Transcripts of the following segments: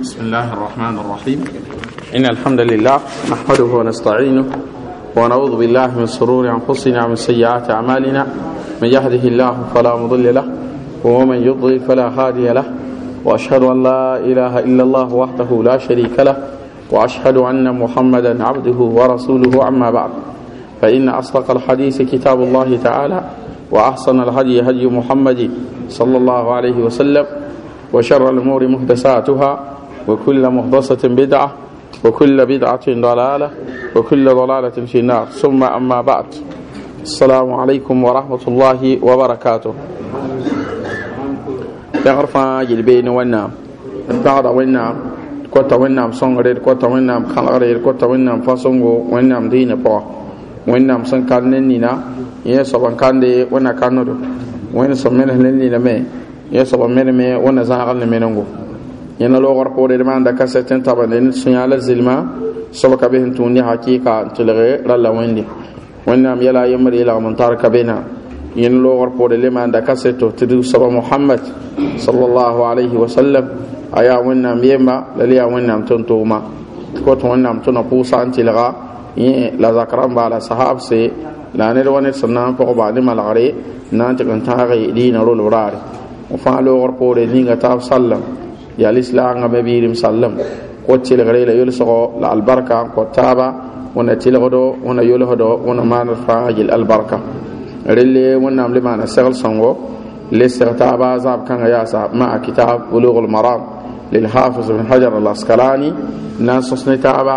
بسم الله الرحمن الرحيم إن الحمد لله نحمده ونستعينه ونعوذ بالله من شرور أنفسنا ومن سيئات أعمالنا من يهده الله فلا مضل له ومن يضلل فلا هادي له وأشهد أن لا إله إلا الله وحده لا شريك له وأشهد أن محمدا عبده ورسوله عما بعد فإن أصدق الحديث كتاب الله تعالى وأحسن الهدي هدي محمد صلى الله عليه وسلم وشر الأمور محدثاتها وكل محدثة بدعة وكل بدعة ضلالة وكل ضلالة في النار ثم أما بعد السلام عليكم ورحمة الله وبركاته يعرف يلبين ونام بعد ونام كوتا ونام صنغرير كوتا ونام خلغرير كوتا ونام فصنغو ونام دين بوا ونام سنكال نننا يسوى كان دي وانا ندو ونسو منه لننا مي يسوى مين مي وانا زاغل yẽna loogr poore d maanda kasɛt n tabende ne sũ yãa la zelma soab ka bes n tũud ne hakɩɩka n tʋlge rala wẽnde wẽnnaam yɛla a yembr yɩlgm n tar ka bena yẽn loogr poore le maanda kasɛto tɩ d soaba mohamad salallahu alayhi wasallam a yaa wẽnnaam yemba la le yaa wẽnnaam tɩ n tʋʋma tɩ kot wẽnnaam tʋna pʋʋsa n tɩlga yẽ la zak rãmba la sahabse la ned wa ned sẽn na n pʋgba ne malgre n na n tɩg n tãage diinã rolb raare fãa loogr poore ninga taab sallam yaa lislaanga ba biirim sallam ko tilgre la yolsgo la albarka ko taaba wẽnna tilgdo wẽnna yolsdo wẽnna maanr fãa yel albarka relle wẽnnaam le maana segl sõngo le seg taaba zaab kãngã yaasa maa kitaab bulug lmaram lilhafiz bn hajar alaskalani na n sõs ne taaba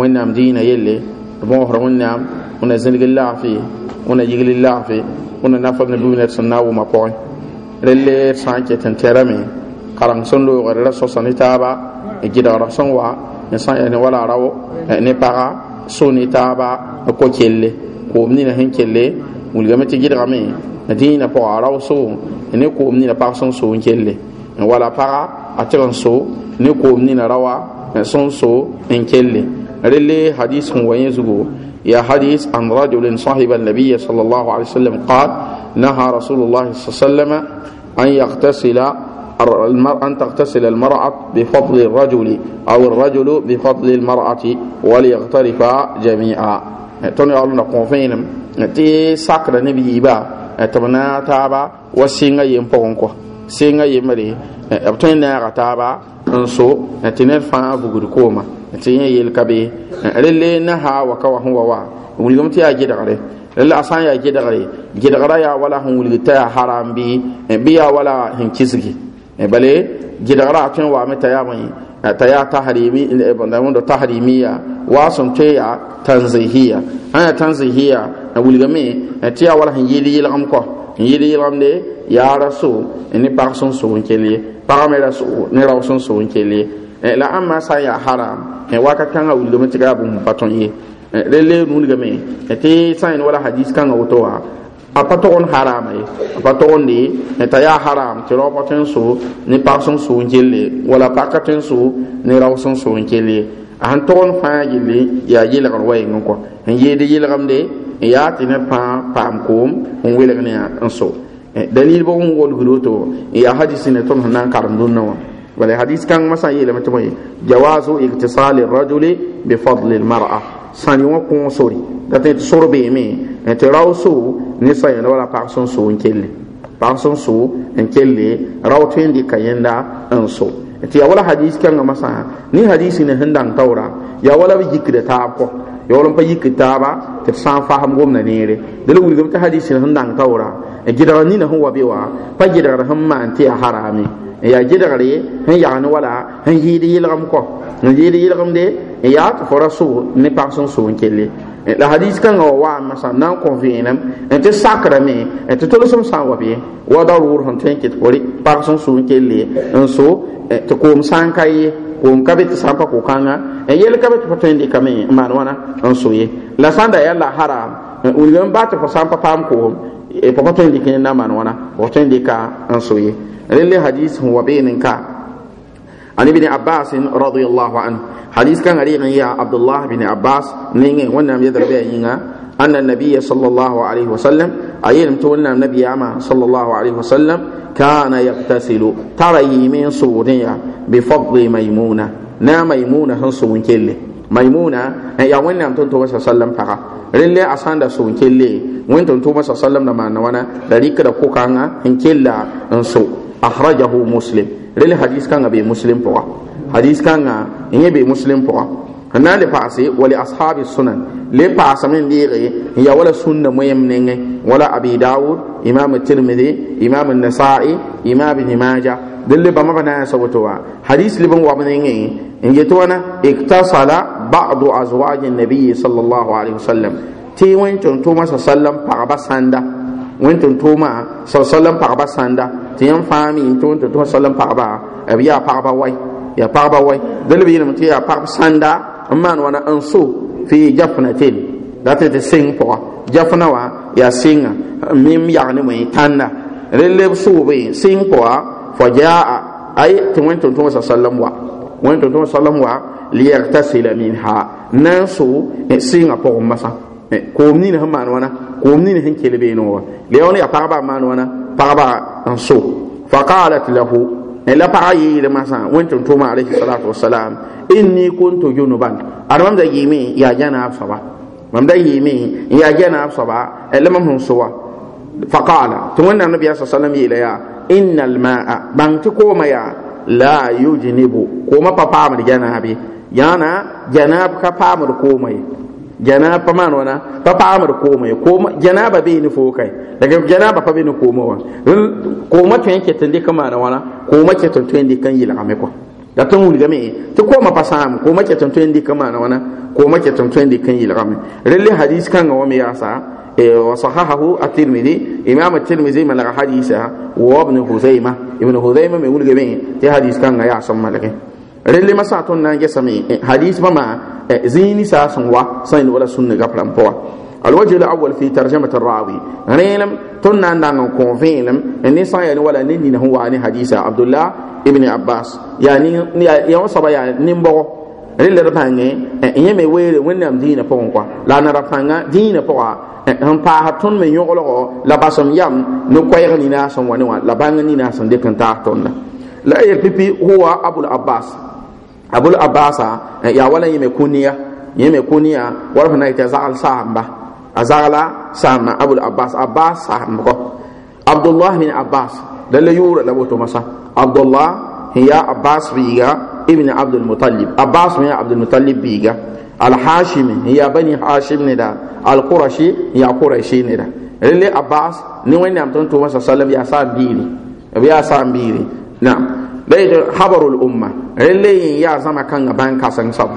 wẽnnaam diinã yelle d bõosr wẽnnaam wẽnna zĩndg laafɩ wẽnna yigl laafɩ wẽnna nafb ne bubi ned sẽn na wʋma pʋgẽ relle d sã n ket n tɛrame haram sẽn loogr ra sõsa ne taaba gɩdgra sẽn wa n sã n ne wala rao ne paga so ne taaba ko kelle koom nina sẽn kelle gida tɩ na dĩinã na po rawo so ne ko mni na para son so n kelle ne wala para a tɩg so ne ko mni na rawa son so n kelle rele hadis ko wa zugo يا حديث عن رجل صاحب النبي صلى الله عليه وسلم قال نهى رسول الله صلى الله عليه وسلم أن يغتسل أن تغتسل المرأة بفضل الرجل أو الرجل بفضل المرأة وليغترفا جميعا tõnd yaool na kõ vẽenem tɩ sakra neb yiiba tɩ b na taaba wa sɩnga yem pʋgẽ kɔ sɩnga yembre b tõe naaga taaba n so tɩ ned fãa vugd kooma tɩ yẽ yel ka be relle na haa wa ka wa sẽn wa wa wilgame tɩ yaa gɩdgre rela a sã n yaa gɩdgre gɩdgra yaa wala sẽn wilg t'a yaa haram bɩ bɩ yaa wala sẽn kisgi Eh, bale gidagara tun wa mi tayami eh, taya tahrimi eh, da mun tahrimiya wa sun ya tanzihiya ana tanzihiya na a tiya wala hin yili yilgam ko yili yilgam de ya rasu ni par sun sun kele par me rasu ni son sun sun kele la amma sa ya haram wa ka kan wulgame tiga bu paton yi lele te ti sain wala hadis kan wotowa a pa tɔgɔ haram ye a pa tɔgɔ de ne ta yaa haram ti rɔba tun so ni paɣa sun so n kelle wala paɣa tun so ni raw sun so n kelle a han tɔgɔ ni fãa yelle yaa yelgr wa yeŋa kɔ n yeede yelgemde n yaa tɩ ne pãa paam koom n welg ne n so dalil bo n wolgdo to n yaa hadisi ne tõnd sẽn na n karem dũnna wã wala hadis kãngmã sã n yeelame tɩ bõe jawazu igtisali rajuli bifadli lmara sãn yẽ wã kõo sori dat tɩ sor beeme Ti tɩ rao so ninsã yẽnd wala pag sẽn so n kelle pag so n kelle rao tõe n dɩka yẽnda so Ti ya wala hadis kãngã masã ne hadis ne sẽn dãng taoora ya wala b yikda taab kɔ ya wala n pa ta taaba tɩ b sã n fasem gomda neere dela wilgame tɩ hadis ne sẽn dãng taoora gɩdga nina sẽn wa be wa pa gɩdgr sẽn maan tɩ yaa harame n yaa gɩdgre sẽn yag ne wala sẽn yɩɩd yɩlgem kɔ n yɩɩd yɩlgemde n yaa tɩ fo so ni pag sẽn so n kelle Eh, la hadis kãngã wa waama sãn na n kõs vẽenem n eh, tɩ sakrame n eh, tɩ tolsem wa be wa da sẽn tõe n kɩt pore pags n sʋʋ n kelle n so n ka ye koom ka pa ko kanga, n yel ka be tɩ pa tõe n dɩkame n maan wãna so ye la sã da yaa la haram wilg ba tɩ pa san pa paam koom pa pa tõe n dɩk na n maan wãna pa tõe ka dɩka so ye rẽ le hadis sẽn wa been n ka عن ابن عباس رضي الله عنه حديث كان غريب يا عبد الله بن عباس نين ونام يدرب أن النبي صلى الله عليه وسلم أيلم تولنا النبي اما صلى الله عليه وسلم كان يغتسل ترى من صوريا بفضل ميمونة نا ميمونة صون كله ميمونة يا وين أنت تنتو صلى الله عليه وسلم فقط rẽn le a sã n da sʋʋn kelle wẽntõn tʋʋmã sa sallam da maanda wãna da rɩkda kʋkãngã n kella n so rele hadis kanga be muslim poa hadis kanga n be muslim poa na le pase wali ashabi sunan le pase n deege n ya wala sunna moyem nengẽ wala abi daud imam at-tirmidhi imam an nasai imam ibn majah dẽn le bãmba pa na wa hadis leb n wab nengẽ n get wãna iktasala badu azwaji nabiyi sal llah alaihi wasallam ti wẽn tʋm tʋʋma sa sallam pa basanda wẽn tʋm tʋʋma sa sallam pa basanda ti yan fãa mi to to sallan tʋ ba pagba b yaa ba wai yaa ba wai dẽl b yelm tɩ yaa sanda sãnda n maan wãna n so fɩ jafna ten datɩ tɩ sɩng pʋga jafna wa ya singa mim ya ne wẽ tãnda rel b sʋʋbe sɩng pʋga fa jaa ay to wẽn to to sallan wa wẽn to to sallan wa yaktasila minha na singa so masa ko ni koom nin sẽn maan wãna koom nin sẽn kell beenẽ wã a yaoon yaa ma n wa na. paɣaba n so fa qalat lahu la paga yeele wani tun tuma alayhi salatu wasalam inni kuntu junuban ad mam da mi ya jana soaba mam da yɩɩme n yaa janaab soaba e la mam sẽn so wa fa qaala tɩ wẽnnaam nabia sa salam yeela yaa inna almaa bãng tɩ kooma yaa la yujnibu ma pa paamd janaab ye yãna janaab ka paamd kooma ye janaba man wana pa paamr koome kooma janaba bee ni fo kai daga janaba pa be ni kooma wa kooma tõe n ket n dɩk n maana wãna kooma ket n tõe n dɩk n yɩlgame kɔ da tõn wilgame tɩ kooma pa sãam kooma ket n tõe n dɩk n maana wãna kooma ket n tõe n dɩk n yɩlgame rel hadis kãngã wã me yaasa وصححه الترمذي امام الترمذي من حديثها وابن هزيمه ابن هزيمه من يقول جميع هذه كان ya ملكه rel ma sã na n gesame hadis mama zĩini saa sẽn wa sã yel wala sũnne gap rãm pʋga alwajhl awal fi tarjama tarawi rẽelem tõnd na n dãng n kõo vẽelem ne wala ne nina sẽn waa ne hadisa abdullah ibni abbas yaa wã soaba yaa nimbɔgɔ rel d bãnge yẽ me weere wẽnnaam dĩinã pʋgẽ kɔa la a nara fãnga dĩinã pʋga sẽn paasa tõnd me yõglgɔ la basem yam ne koɛɛg ninaa sẽn wa ne wã la bãng ninaa sẽn dɩk n taas tõnda لا يلبي هو ابو العباس abul abasa eh, ya wala yeme kuniya yeme kuniya wala fana ita zaal sahamba azala sahamba abul abbas abbas sahamba ko abdullah min abbas dalle yura la boto masa abdullah hiya abbas biga ibn abdul muttalib abbas min abdul muttalib biga al hashim hiya bani hashim ne da al qurashi ya qurashi ne da lalle abbas ni wani am ton to masa sallam ya sa biri ya sa biri na'am بيد حبر الأمة اللي يا زما كان بان كاسن سب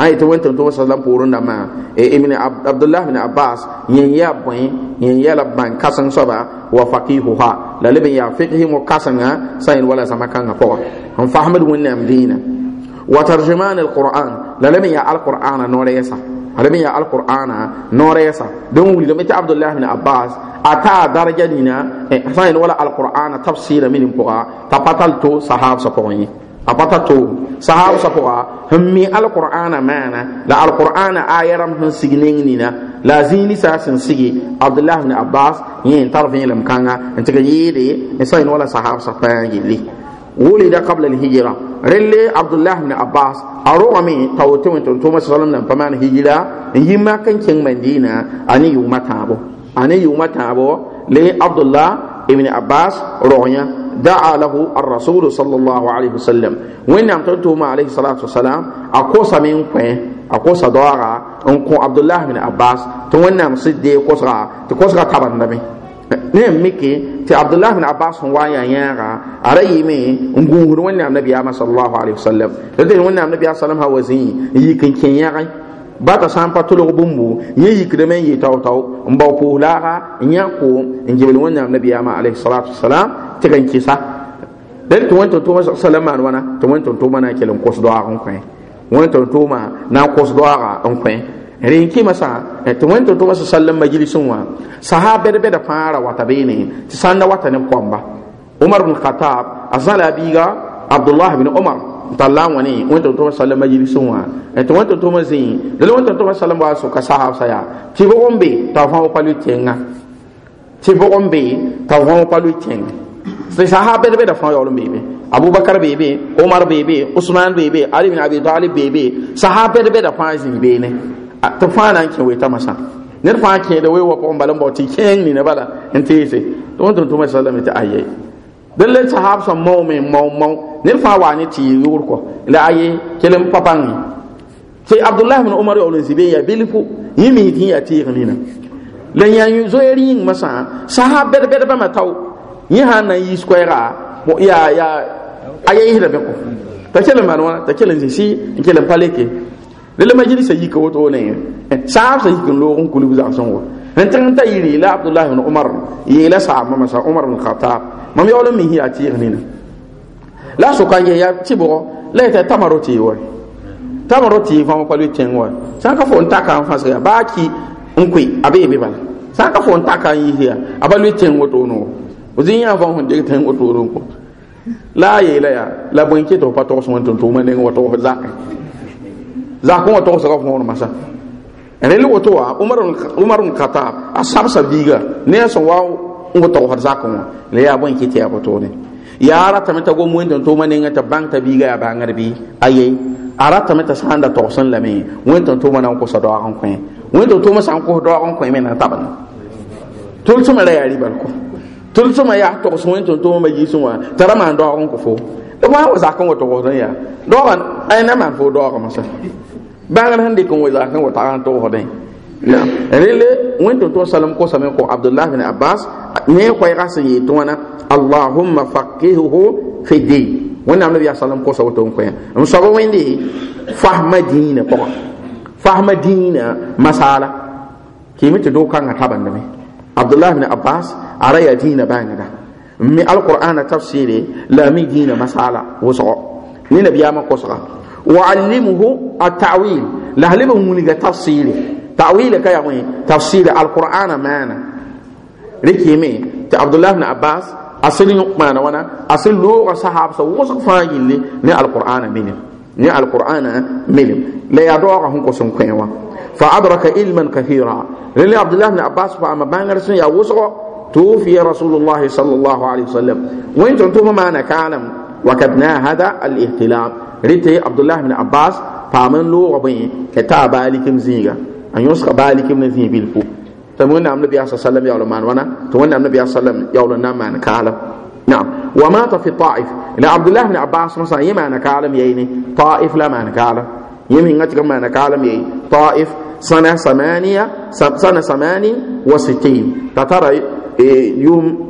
هاي توين تون توين سلام بورون دما إمين عبد الله من عباس ين يا بين ين يا لبان كاسن سب وفقيهها للي يا فقه مو كاسن سين ولا زما كان فوق هم فهمت وين نام دينا وترجمان القرآن للي يا القرآن نور يسح ada bin ya alqur'ana noresa don wuli don abdullah bin abbas ata daraja dina eh sanin wala alqur'ana tafsira min poa tapatal patal to sahab sa poyi a to sahab sa poa hammi alqur'ana mana la alqur'ana ayaram han signing nina na, lazini sa sin sigi abdullah bin abbas yin tarfin lam kanga en tiga yide eh, wala sahab sa poyi wulida qabla al-hijra relle abdullah ibn abbas arogami tawte won to ma sallam nan paman hijra yimma kan kin madina ani yuma tabo ani yuma tabo le abdullah ibn abbas ronya da'a lahu ar-rasul sallallahu alaihi wasallam wannan to to ma alaihi salatu wasalam akosa min kwen akosa dora on ko abdullah ibn abbas to wannan sidde kosa to kosa tabandabe ne miki ti abdullah bin abbas hon waya yanga arayi me hu wannan annabi ya sallallahu alaihi wasallam da dai wannan annabi ya sallam ha wazi yi kin kin kai ba ta san patulog bumbu ye yi men yi taw taw mbaw po laga nya ko ngibil wannan annabi ya ma alaihi salatu wassalam ti kan kisa dan to wanto to sallama wana to wanto to mana kelon kosdo a kon kai wanto to ma na kosdo a kon kai. renki masã eh, tɩ wẽn tɩ tʋma sasalm majilisẽ wã sahaa bɛd-bɛdã fãa wata beene tɩ sã da wata ne kɔmba omar bn khatab a zã la a biiga abdullah bn omar n tar la n wa ne wẽnton tʋma sasalm majilisẽ wã eh, tɩ wẽnton tʋma zĩ dala wẽnton tʋma sasalm wa soka sahabsa yaa tɩ bʋg n be t'a fãa wa pa loe tẽngã tɩ ah? bʋg n be t'a fãa wa pa loe tẽng tɩ sahaa bɛd-bɛdã fãa yaool n beebe abubakar beebe omar beebe usman beebe ali bn abi talib beebe sahaa bɛd-bɛdã fãa zĩig beene ta fana ke wai ta masa nir fa ke da waiwa ko mbalan bauti ken ne na bala in te yi to wanda tuma sallama ta ayye dan le sahab sa mau me mau mau nir fa wa ni ti yur ko da ayye kelen papan sai abdullahi ibn umar yawlan sibin ya bilfu yimi ti ya ti ni na lan ya yu zoyrin masa sahabe be be ma taw yi ha na yi square mo ya ya ayye hira be ko ta kelen ma na ta kelen si kelen paleke rela yi yika woto wo neye eh, saabsa yik n loog n kulb zagsẽn wo n tẽg ta yɩr yeela abdullah bn yi yeela saab mama sa omar bn khatab mam yaool nina la a soka n ges yaa tɩbgɔ la ta tamaro tɩɩ wa tamaro tɩɩ fãma pa le ka fo n taka n fãsg ki a be fo a ba ko la a yeela ya la bõe n ket f la ko wa to sa ko no masa rel woto wa umarun kata a sabsa sabiga ne ya wa ngo to zakon wa le ya bon kiti ya boto ne ya rata tamata gomu yadda ndon to mane ngata bank ta biga ya bangar bi aye ara tamata sanda to san lame wenton to mana ko sa do an ko wenton to masa ko do an ko men na taban tol so mara ya ribal ko tulsuma ya to so wenton to ma yi so wa tara ma do an ko fo d maan wa zak n wa togsd n yaa dɔga ãyna maan fo dɔɔgame sã bãagr sẽn dɩk n wa zak n wa tag n togsdẽ rele wẽnton tõog salem kosame kõ abdullah bin abbas ne koɛɛga sẽn yɩɩ tɩ wãna allahuma fakihhu fi din wẽnnaam nabi yaa salem kosa woto n kõ-a n soab wẽnde fasma diinã pʋgã masala, diinã masaala kɩɩme tɩ doog kãngã tabendame abdullah bin abbas a ra yaa diinã من القرآن تفسيري لا مدينة مسألة وصغة لنبي آمان قصغة وعلمه التعويل لعلمه من تفسيري تعويل كي يقول تفسير القرآن مانا ركي مين عبد الله بن عباس أصل يقمان وانا أصل لغة صحاب سوصغ فاجل لي ني القرآن مينم ني القرآن مينم لا يدوغ هم قصن كيوان فأدرك علما كثيرا للي عبد الله بن عباس فأما بانغرسن يا وصغة توفي رسول الله صلى الله عليه وسلم وين تنتم معنا كعلم وكبنا هذا الاهتلام ريتي عبد الله بن عباس فامن لو ربي كتاب عليكم زيغا ان يسخ بالكم نزي بالفو تمون النبي نعم صلى الله عليه وسلم يا وانا تمون النبي نعم صلى الله عليه وسلم يا ما معنا نعم, نعم ومات في الطائف لا عبد الله بن عباس مثلا يما انا ييني طائف لا ما انا كعلم يمين غتك ما انا يي طائف سنه ثمانيه سنه ثمانيه وستين ترى إيه، يوم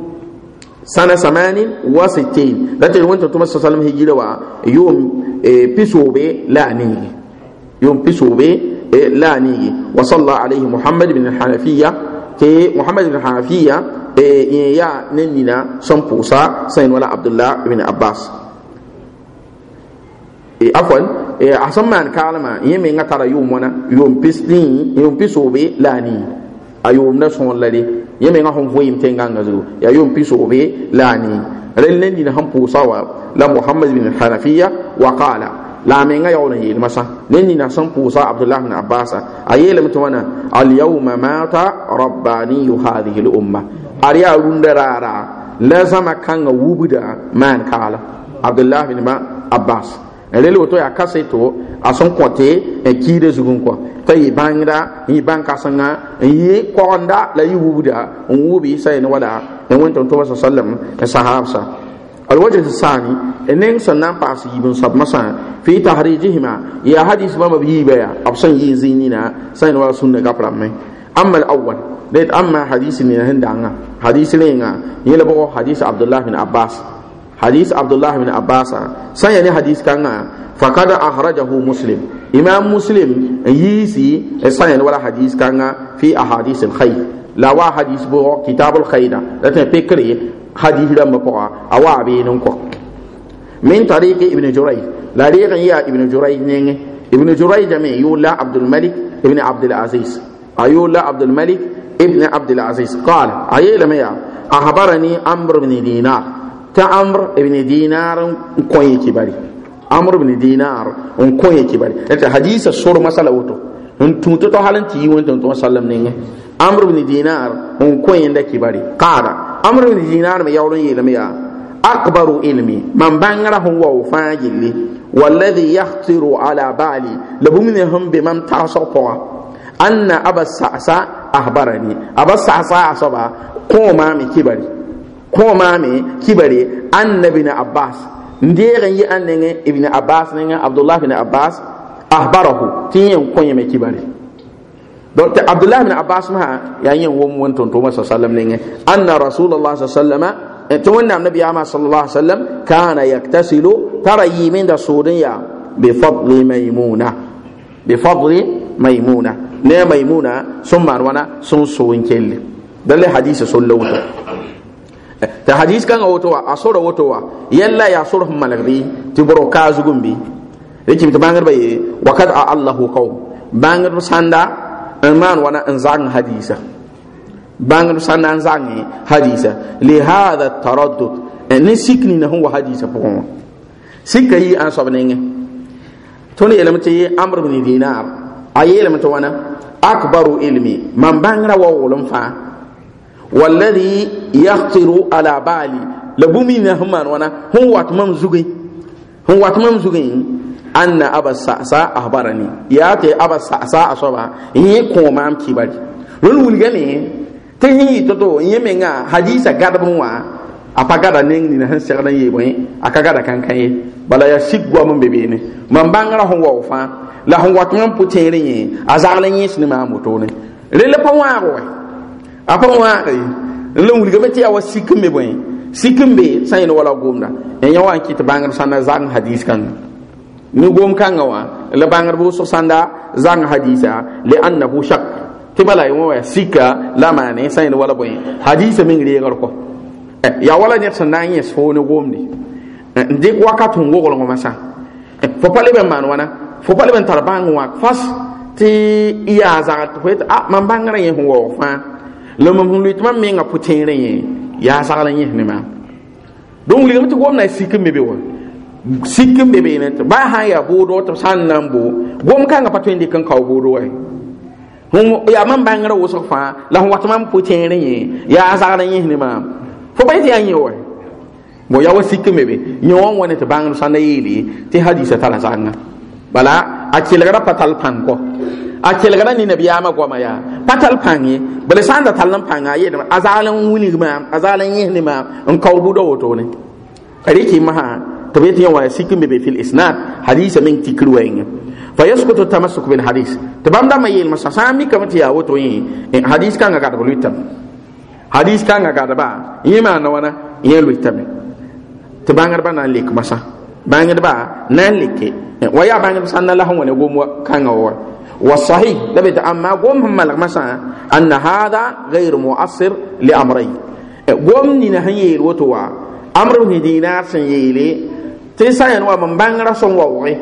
سنة ثمان وستين لا تقول وانت تما صلى الله عليه وسلم يوم إيه، بسوبي لا نيجي يوم بسوبي إيه، لا نيجي وصلى عليه محمد بن الحنفية تي محمد بن الحنفية يا نينينا سمبوسا سين ولا عبد الله بن عباس عفوا أحسن ما نكالما يمي نترى يوم وانا يوم بسنين يوم لا نيجي أيوم نسون لدي yẽme menga sẽn vɩɩm tẽngãngã zugu yaa yʋʋm pi sobe la a nii rel ne nina sẽn pʋʋsa wa la mohamad bin hanafiya wa qaala la a menga yaool n yeelmã sã ne nina sẽn pʋʋsa abdullah bin abbasa a yeelame tɩ wãna alyauma mata rabbaniyu hadihi l umma ad yaa rũndã raara la zãma kãngã wubda maan kaala abdullah bin abbas rel woto ya kase to a sẽn kõ tɩ n kiidã zugum kɔ t'a yɩ bãngda n yɩ bãn-kãsengã n yɩ kɔgenda la yɩ wubda n wʋb yɩsa yene wala n wẽn tɩ m tʋba sa sallam n sahaabsa al wajh sãani neng sẽn na n paas yiib n soabmã sã fɩ tahrijihima yaa hadis bãmba b yiibã yaa b sẽn yɩ n zĩig nina sã yene wala sũnda gap rame ama amma hadisi ne hadis nina hadisi ne nga yi yẽlbgo hadisi abdullah bin abbas حديث عبد الله بن عباس سيني حديث كان فقد أخرجه مسلم إمام مسلم يسي سيني ولا حديث كان في أحاديث الخير لا وا حديث بو كتاب الخير لا تفكري حديث لما بقى أوا بينهم من طريق ابن جريج لا ريق يا ابن جريج نين ابن جريج جميع يولا عبد الملك ابن عبد العزيز أيولا عبد الملك ابن عبد العزيز قال أيه لما يا أخبرني عمرو بن دينار ta amr ibn dinar kon yake bari amr ibn dinar in kon yake bari ta hadisa sura masala wato in tuntu to halin ti yiwon tuntu sallam ne amr ibn dinar kon yake ke bari qara amr ibn dinar mai yawon yi lamiya akbaru ilmi man bangara hun wa fajili walladhi yahtiru ala bali labumine hum bi man ta'sa qawa anna abasasa ahbarani abasasa asaba ko ma mi kibari ko maame kibare annabi na abbas ndegen yi annenge ibn abbas nenge abdullah ibn abbas ahbarahu tiyen ko yeme kibare donc abdullah ibn abbas ma ya yin wo mun ton to masa sallam nenge anna rasulullah sallallahu alaihi wasallam e, to wannan annabi ya ma sallallahu alaihi wasallam kana yaktasilu tara yimin da sodin ya bi maimuna bi maimuna ne maimuna sun marwana sun so winkelle dalle hadisi sun lawta ta hadis kan a wotowa a sora wotowa yalla ya sora malagri ti boro ka zugumbi rikim ta bangar baye wa kad a allahu qaw bangar sanda an man wana an zang hadisa bangar sanda an zang hadisa li hadha taraddud eh, ni sikni na huwa hadisa pokon sikka yi an sobnenge toni elemti amr ibn dinar ayelemti wana akbaru ilmi man bangra wa ulum fa والذي يخطر على بالي لبومي نهمان وانا هو واتمام زغي هو واتمام زغي أن أبا السعساء أخبرني ياتي أبا السعساء أصبع هي كومام كيبالي لن ولغني تهي تتو يمينا حديثة قدبوا a gada neng ni na sẽn segd n yɩɩ bõe a ka gada kãn-kã ye bala yaa sik goam n be beene mam bãngrã sẽn wao fãa la sẽn wat yãmb pʋ tẽer ne a ne pa a pa wãaga ye la wilga me tɩ yaa wa sikn be bõe sikn be sã yel wala gomda n yã wa n kɩt bãngd sãn na zagng hadiis kãnga ne gom kãngã eh, wã la bãngd b wʋsg sãn da zagng hadiisa ah. le annahu shak tɩ bala y wã wa sika la maane sã yel wala bõe hadiisa meng reegr kɔ eh, yaa wala ned sẽn na n yẽs foo ne gomde n eh, dɩk wakat sẽn woglg masã fo pa leb n maan wãna fo pa leb n tar bãng wãk fas tɩ yaa zagd fo yetɩ a ah, mam bãngrã yẽ sẽn waoog fãa ah. lama bũmb lʋɩt mam menga pʋ-tẽerẽ yẽ yaa sagl n yẽs ne maam donc ligame tɩ gomda na n be be wa sik n ne tɩ ba ha ya yaa boodo tɩ sã n na n bo gom ka pa tõe n dɩk n kao boodo wa yaa mam bãngrã wʋsg fãa la sẽn wat mam pʋ-tẽerẽ yẽ yaa zagr n yẽs ne maam fo pa tɩ yaa yẽ wa bo ya wa sik n be be yẽ wã bangara san na tɩ bãngr sãnda yeele tɩ hadiisa tara zãnga bala a kelgra pa tall pãn kɔ a kelgda ni nabiyaamã goamã ya. Patal tall pãng ye bala sã n da tall n pãnga a yeelame a zaal n wilg maam woto ne maam n kao buda wotone rɩk y masã tɩ b yetɩ yẽ wa sik n be be fi lisnad eh, hadiisa meng tikr wɛɛngẽ fa yaskutu tamasuk bilhadis tɩ bãmb dãmbã yeelmã sã sã n mikame tɩ yaa woto yẽ hadis kãngã gadb lʋɩtame hadis kãngã gadba yẽ maanda wãna yẽ lʋɩtame tɩ bãngdbã na n lek masã bãngdbã na n leke eh, wa yaa bãngd sã n na la sẽn wa ne gom kãngã wa وصحيح لبيت أما قوم هم لك مثلا أن هذا غير مؤثر لأمري قوم نهي الوتوى أمر من دينار سنيلي تسعين ومن بانغرا سنووغي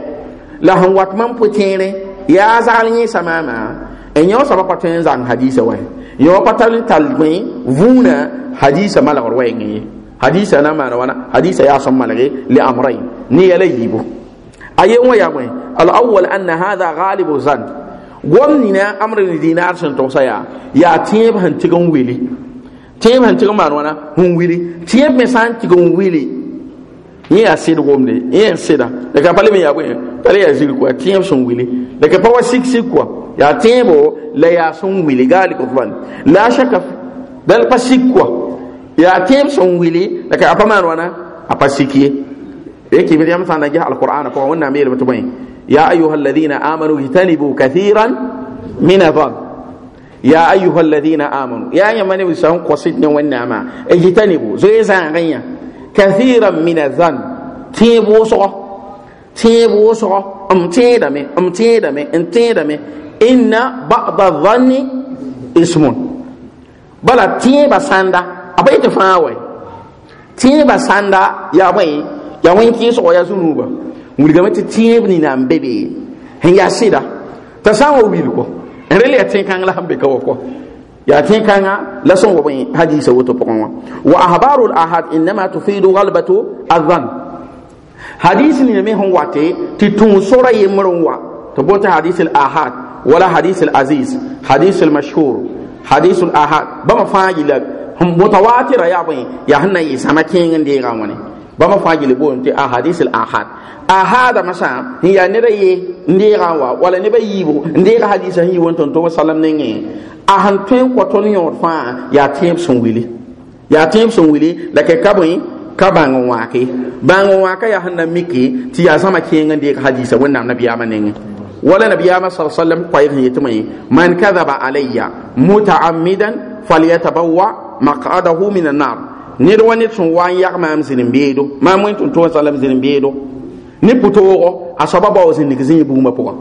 لهم واتمن بتيني يا زالني سماما إن يو سبا قتين زان حديثة وين يو قتلن تلقين فونا حديثة ملغر وين حديثة نما نوانا حديثة يا سمالغي لأمرين نيالي يبو أيوة يا وين الأول أن هذا غالب الظن gomni na amrin ni dinar sun toksa ya ya ba han tigon wili ba han tigon man wana hun wili tiyeb me san tigon wili ni ya sid gomde ni ya sida da ka pale me ya gwe pale ya kuwa kwa tiyeb sun wili da ka pawa sik sik kwa ya tiyebo la ya sun wili gali ko fan la shaka dal pasik kwa ya tiye sun wili da ka apa man wana apa sikie yake bi yam san da ga alqur'ana ko wannan me da mutubai يا أيها الذين آمنوا اجتنبوا كثيرا من الظن يا أيها الذين آمنوا يا أيها من وسهم قصدنا والنعمة اجتنبوا زي زانغيا كثيرا من الظن تيبوا صغا تيبوا صغا امتيدمي امتيدمي امتيدمي إن بعض الظن اسم بلا تيبا ساندا أبيت فاوي تيبا ساندا يا وين يا وين كيس ويا زنوبا wilgame tɩ tẽeb nina n be bee sẽn yaa sɩda t'a sã n wa wilgo n rel yaa tẽn-kãng la sẽn be ka wako yaa tẽn-kãngã la sẽn wa b hadiisa woto pʋgẽ wã wa ahbaru lahad innama tufidu galbatu adan hadiis nina me sẽn wate tɩ tũu sora yembr n wa tɩ bõn tɩ hadiis ahad wala hadiis aziz hadiis mashhur hadiis ahad bãmb fãa yila mutawatira yaa bõe yaa sẽn na yɩ sãma kẽeng n deegã wã ne bãmb fãa gil boon tɩ ahadis al ahad ahada masã n yaa nebã ye ndi rawa wa wala nebã yiibu n deega hadisa hi yi ton to tɩ ne ngi a sẽn tõe n kõ tõnd yõod fãa yaa tẽeb sẽn wili ya tim sun wili la ke ka kabang ka ke n wãake bãng n wãaka yaa sẽn na mike tɩ yaa zãma kẽeng n na hadiisa wẽnnaam ne nengẽ wala nabi sa sallam koɛɛg sẽn yetɩ me man kadaba alayya muta'ammidan falyatabawwa maqadahu min nar ned wa ned sẽn wa n yag maam zĩn n beedo maam wẽn tʋm tʋʋr salam zĩn n beedo ne pʋtoogo a soaba bao zĩn nig zĩig buumã pʋgã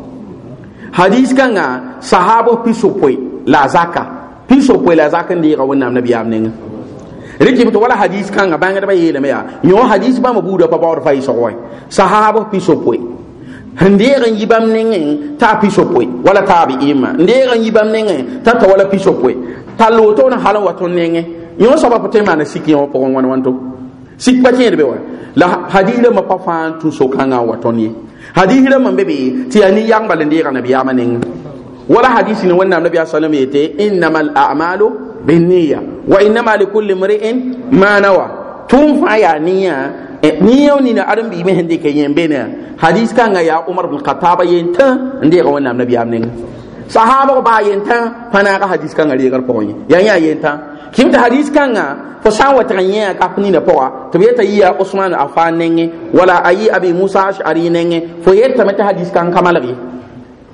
hadis kãngã sahaabo pisopoe la a zaka pisopoe la a zak n deega wẽnnaam nabiyaam nengẽ rɩkɩb tɩ wala hadis kãngã bãngdbã yeelame yaa yõ hadis bãmb buudã pa baood fa y sog wa sahaabo pisopoe n deeg n yi bãmb nengẽ t'a pisopoe wala taabi ɩɩmã n deeg n yi bãmb nengẽ t'a ta wala pisopoe t'a loog tɩ wna hal n wa tõnd nengẽ yõ soaba pa tõe maana sik yẽ wã pʋgẽ wãn wãn to sik pa kẽed be wa la hadiis rãmbã pa fãa n tũ so-kãngã n wa tõnd ye hadiis rãmbã n be be tɩ yaa nin-yãng bal n deega nabiyaamã nengẽ wala hadiisi ni wẽnnaam nabia salam yeete innama al amalu binniya wa innama likulli mri'in ma wa tun fa ya niya e, niya ni na aran bi mehen de kayen bena hadis kan ga ya umar bin khattab yenta inde ga wannan nabi amne sahaba ba yenta fana ga hadis kan ga regar pawni yan ya yenta kim ta hadis kanga fo san wa tan yẽ ka pni na pʋga to ya ta yia osman afan nengẽ wala a abi musa ashari nen fo yetame mata hadis kan ka malg ye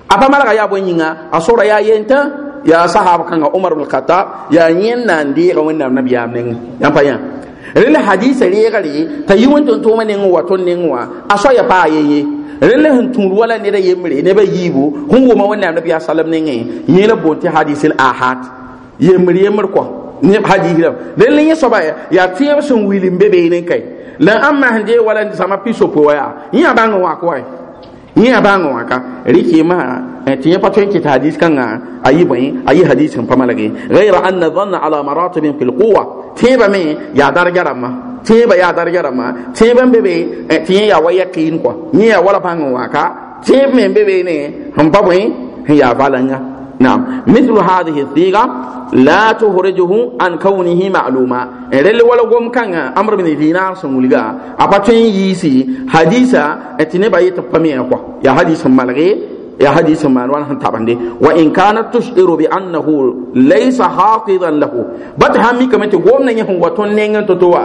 a pa malga yaa bõe yĩnga a sora yaa yentã yaa sahab kãnga omar bn khatab yaa yẽnd na ya deega wẽnnaam nabiyaam nengẽ yãm pa yã rẽl ri reegre t'a yi wẽn to tʋʋmã nengẽ wa tõnd nengẽ wa a soa ya paa ye ye rẽl sẽn tũud wala ned a yembre nebã yiibu sẽn wʋma wẽnnaam nabiyaa salm nengẽ yẽ la boon tɩ hadis l ahad yemre yemre ko ne hadisi la lelen ye soba ya ya tiyam sun wilin bebe ne kai la amma hande wala sama piso po ya n abanga wa ko ai yin abanga wa ka rike ma eh, tiye patwen ki hadis kan ga ayi bayin ayi hadis kan pamala ge ghayra anna dhanna ala maratib fil quwwa tiba me ya dargara ma tiba ya dargara ma tiba bebe eh, tiye ya waya kin ko yin ya wala banga wa ka tiba me bebe ne han n ya valanga نعم مثل هذه الثيغة لا تخرجه عن كونه معلوما رل ولا قوم كان أمر من دينا سمولغا أباتين يسي حديثا اتنبا يتبقمي أقوى يا حديث مالغي يا حديث مال وانا تابندي وإن كانت تشعر بأنه ليس حافظا له بات همي كما تقوم نيهم وطن نيهم تتوا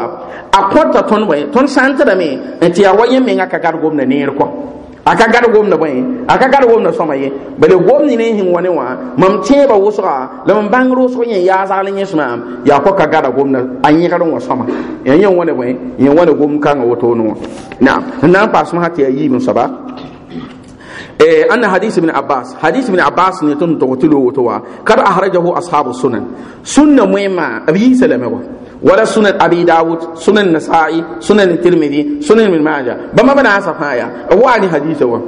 أقوى تتون وي تون سانتا دمي انتيا ويمي نكاكار قوم نيركو aka gar gomna bai aka gar gomna soma ye bale gomni ne hin wani wa mam teba wusra la mam bang rusu yin ya zalin yesma ya ko ka gar gomna an yi garin wa soma yan yan wani bai yan wani gom kan wato no na na pas ma ta yi mun saba eh anna hadith ibn abbas hadith ibn abbas ne tun to tilo wato wa kar ahrajahu ashabu sunan sunna muima abi salama wa ولا سنة ابي داود سنة النسائي سنة الترمذي سنة من ماجه بما بنا صفايا هو علي حديثه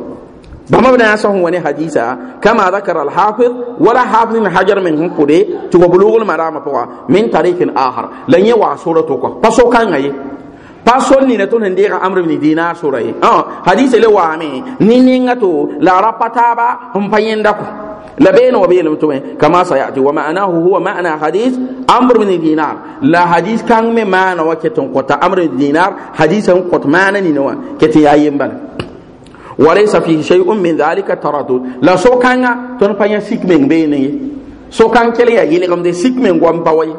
بما بنا صحه وني حديثه كما ذكر الحافظ ولا حافظ الحجر من هم منهم قد تبلغ المرام فوا من طريق اخر لن يوا صورتك فسو كان اي pasol ni na to nan dega amru ni dinar sura yi ah hadisi le wa me ni ninga la rapata ba hum لا بين وبين كما سياتي ومعناه هو معنى حديث امر من الدينار لا حديث كان من معنى وكتن قط امر من الدينار حديث قط معنى نوا كتي يايمبل وليس فيه شيء من ذلك تردد لا سو كان تن فيا سيك من بيني سو كان كليا يلغم دي سيك من غوم باوي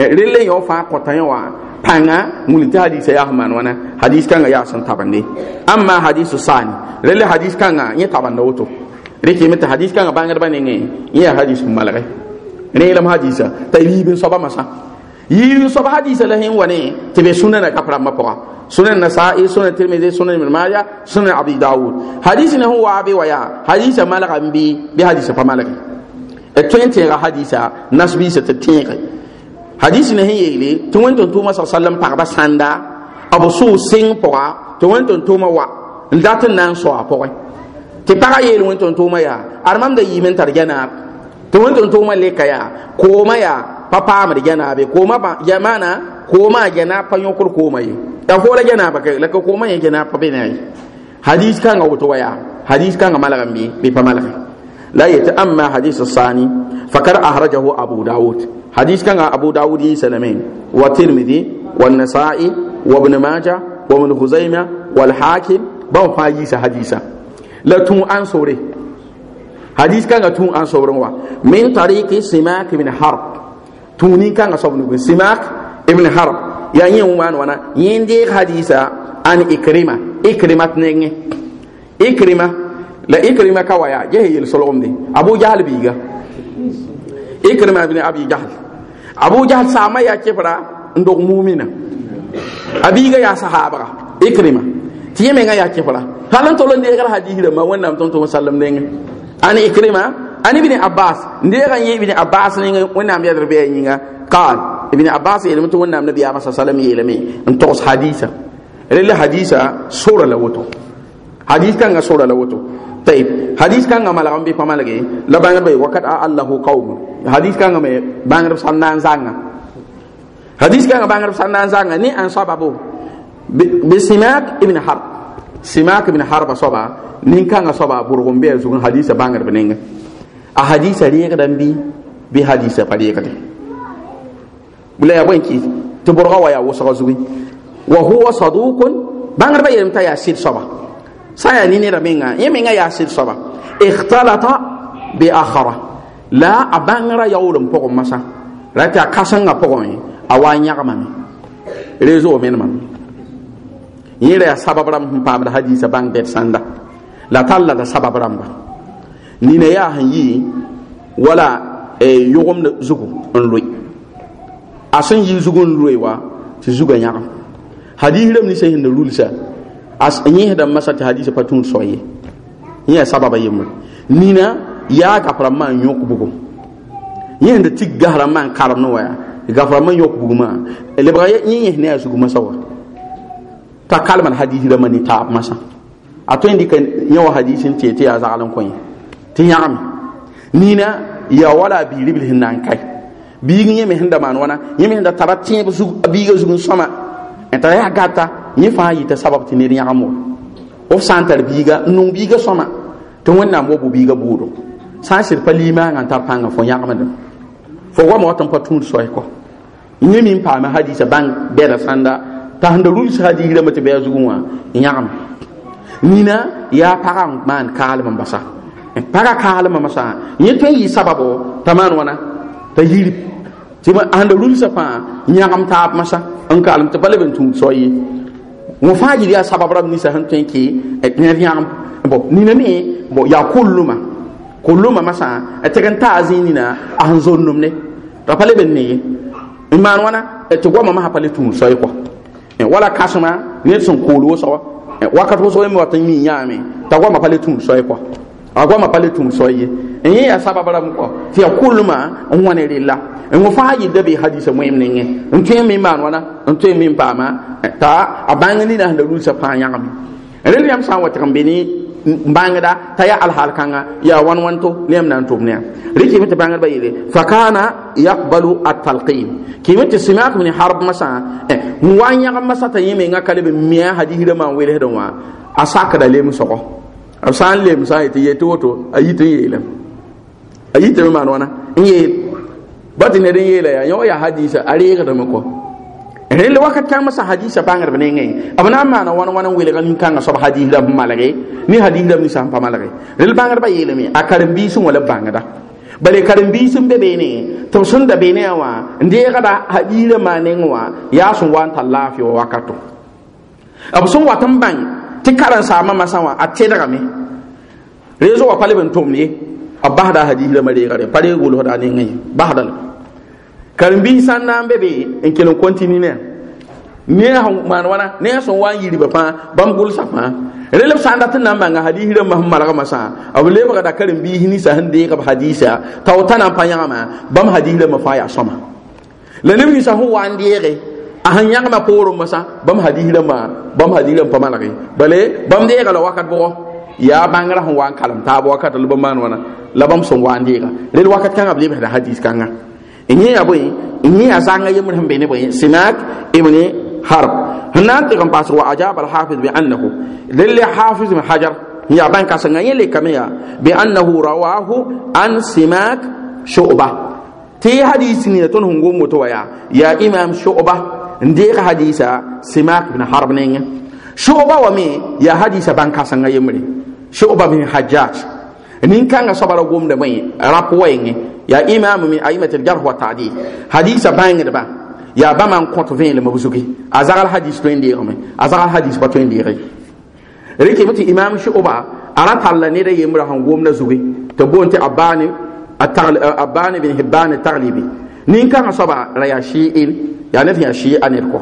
ريلي يو فا قطن وا pãnga wilg tɩ hadiisã yaa sẽn maan wãna hadiis kãngã yaa sẽn tabende amma hadiisu sani rel hadis kãngã yẽ tabanda woto reke meta hadis kanga bangar bane nge ya hadis malare eh. ne lam hadisa eh. tayi bin soba masa yi soba hadisa la hin wane tebe sunna ka param mapora sunan nasa'i sunan tirmidhi sunan ibn majah sunan abi daud hadisi ne huwa abi waya hadisa malaka mbi bi hadisa pa malaka e twenty ga hadisa nasbi se te tinga hadisi ne hin yele to won ton tuma sallam parba sanda abu su sing pora to won ton tuma wa ndatin na so a pora tɩ pagã yeel wẽn-tõn-toomã yaa ad mam da yiim n tar gãnaab tɩ wẽn-tõn-toomã leka yaa kooma yaa pa paamd gãnaab ye kooma maana kooma a gãnaab pa yõkr kooma ye ya foola gãnaabã la ka kooma yẽ gãnaab pa be ne a ye hadis kãngã woto wa yaa hadis kãngã malg n be bɩ pa malge la yetɩ amma hadis sani fakad ahrajahu abu daud hadis kãngã abu daud yiisalame wa wa ibn وابن wal hakim ban fa yi sa hadisa la tun an sore hadis kanga tun an sore wa min tariqi simak ibn harb tuni kanga sobnu bin simak ibn harb ya yin umman wana yin de hadisa an ikrima ikrimat nenge ikrima la ikrima kawaya jehe yel solomde abu jahl biga ikrima ibn abi jahl abu jahl sama ya fara ndog mu'mina ga ya sahaba ikrima ga ya fara. halan to lon degar kan hadi da ma wannan ton ton sallam ne ani ikrima ani ibn abbas kan yi ibn abbas ne wannan am yadr be nga qal ibn abbas to mutu am nabi ya sallam yi lame in to hadisa ah. rele hadisa ah, sura la woto hadis kan ga sura la woto tayib hadis kan ga malaga bi pamalage la banga bay wakat a allahu qaum hadis kan ga me bangar sanan zanga ah. hadis kan ga bangar sanan zanga ni an sababu bisimak ibn harb simak bin harba soba nin kanga soba burgun be zugun hadisa bangar benenga a hadisa riga dan bi bi hadisa pariga de bula ya bonki to burga waya wasaga zugun wa huwa saduqun bangar ba yemta ya sid soba saya ni ne ramenga yemenga ya sid soba ikhtalata bi akhara la abangara yawlum pogum masa rata kasanga pogum awanya kamami rezo menmami yẽra yaa sabab rãmb sẽn paamd hadiisã bãng dɛd sãnda la tall la da sabab rãmba nina yaa sẽn yɩ wala eh, yʋgemd zugu n loe a sẽn yɩ zugu n loe wa tɩ zugã yãgem hadiis rãmb ninsã sẽn da rulsa yẽsdame masã tɩ hadiisã pa tũud soa ye yẽ yaa sababa yembre nina yaa gap rãmb maan yõk bugu yẽsda tɩ gas rãmb maan karem ne wa yaa gap rãmb ma yõk bugumã lebga yẽ yẽs ne a zugu masã wa t'a kalmar hadisi da mani ta masa a to indika yawa hadisin te te ya zalan ko ya ti ni na ya wala bi ribil hinan kai bi yin yemi hinda man wana yemi hinda tabatin bu su bi ga zugun sama e ta ya gata yi fa yi ta sabab ti ne ya amu o santar bi ga nun bi ga sama to wannan bu bi ga budo san sir pali ma ngan tar panga fo yamma da fo wa mo tan patun so e ko min pa ma hadisa bang bera sanda ta sẽn da sa hadiis rãmbã tɩ bɩa zugẽ wã nina ya para man maan kaalem basa pagã kaalem ma masa ye n yi sababo t'a maan wãna t'a yirib tɩ ma da rũlsã sa fa taab e ta n kaalem tɩ pa leb n tũud soa ye wõ fãa yɩl yaa sabab rãmb ninsã sẽn tõe n kɩ ned bo nina me bo ya kulluma kulluma masa a, n taa ta nina a sẽn zonnum ne t'a bale leb n ne ye n maan goma ma goamã masã pa le tũud ye Eh, wala kasma ne sun kolo so eh, wakati so mi wata mi nyame eh, ta goma pale tum so e ko a goma pale tum so ye en ya sababa ram ko ti kulma on wane rilla en wo faaji da bi hadisa muhim ne nge en tun mi man wana en tun mi pa ma ta abangani na da rul sa pa nyame ril yam sa wata kan bini bãngda t'a yaa ya kãnga yaa wan wan to lem na n ne rɩkɩme tɩ bãngdbã yeele fa kana yaqbalu atalqin kɩme tɩ simak min harb masa eh, n wa n yãgem masã t'a yẽ menga ka leb me a hadiisrã maan welsd wa wã a sakda lem sɔgɔ b sã n lem sã n yetɩ yetɩ woto a yit n yeelame a yitame maan wãna n yeel ba tɩ ned n yeela yaa yõ yaa hadiisa rel wakat tãmbã sã hadiisã bãngdb nengẽ b na n maana wãn wãn n welga nin-kãngã soab hadiis la b malge ne hadiis la b n pa malge rel bãngdbã a karen-biis n wa la bãngda bale karen-biis n be beene tɩ b sẽn da beene wã n deegda hadiisã maa nengẽ wã yaa sẽn wa n tar laafɩ wa wakato b sẽn wat n bãng tɩ karen-saamã masã wã a tẽdgame rezo wa pa leb n tʋmd ye b basda a hadiis rãmbã reegare pa reeg wʋlsda nengẽ basda la karimbi san na bebe in en kelen continue ne ha man wana ne so wan yiri ba fa bam gol sa fa relem san dat na manga hadihi ra mahum malaga masa abu le ba da karimbi hini sa hande ka hadisa tawtana fa yama bam hadihi ra mafa ya sama le ne mi sa hu wan diere a han yama poro masa bam hadihi ra ma bam hadihi le pamala malaga bale bam de ga la wakat bo ya bangra hu wan kalam ta bo wakat lu man wana labam so wan diera rel wakat kan abli ba da kan kanga yẽ ya bõe yẽ ya sanga yembr sẽn bai ne sinak ibne harb sẽn na kan tɩg wa bi annahu lele hafiz min hajar ya ban ka sanga yin lekame bi annahu rawahu an simak shu'ba ti hadisi ne ton tun moto waya ya imam shuba n ka hadisa simak bin harb ne. shuba wa me yaa hadiisa bãn kãsenga yembre shuba bin hajjaj ninkãngã soaba ra gomda bõe rãp wɛɛngẽ yaa imam me aimat l jarh wa tadi hadiisã bãengdbã yaa bãmb n kõt vẽelem b zuge a zagl hadis tõe n deegme a zagl hadis pa tõe n deege rɩkame tɩ imam sʋʋba a ra talla neda yembra sẽn gomda zuge tɩ boon tɩ abane eh, bin hibane taglibi ninkãngã soaba ra yaa shɩɩl yaa ned sẽn yaa shɩɩ a ned kɔ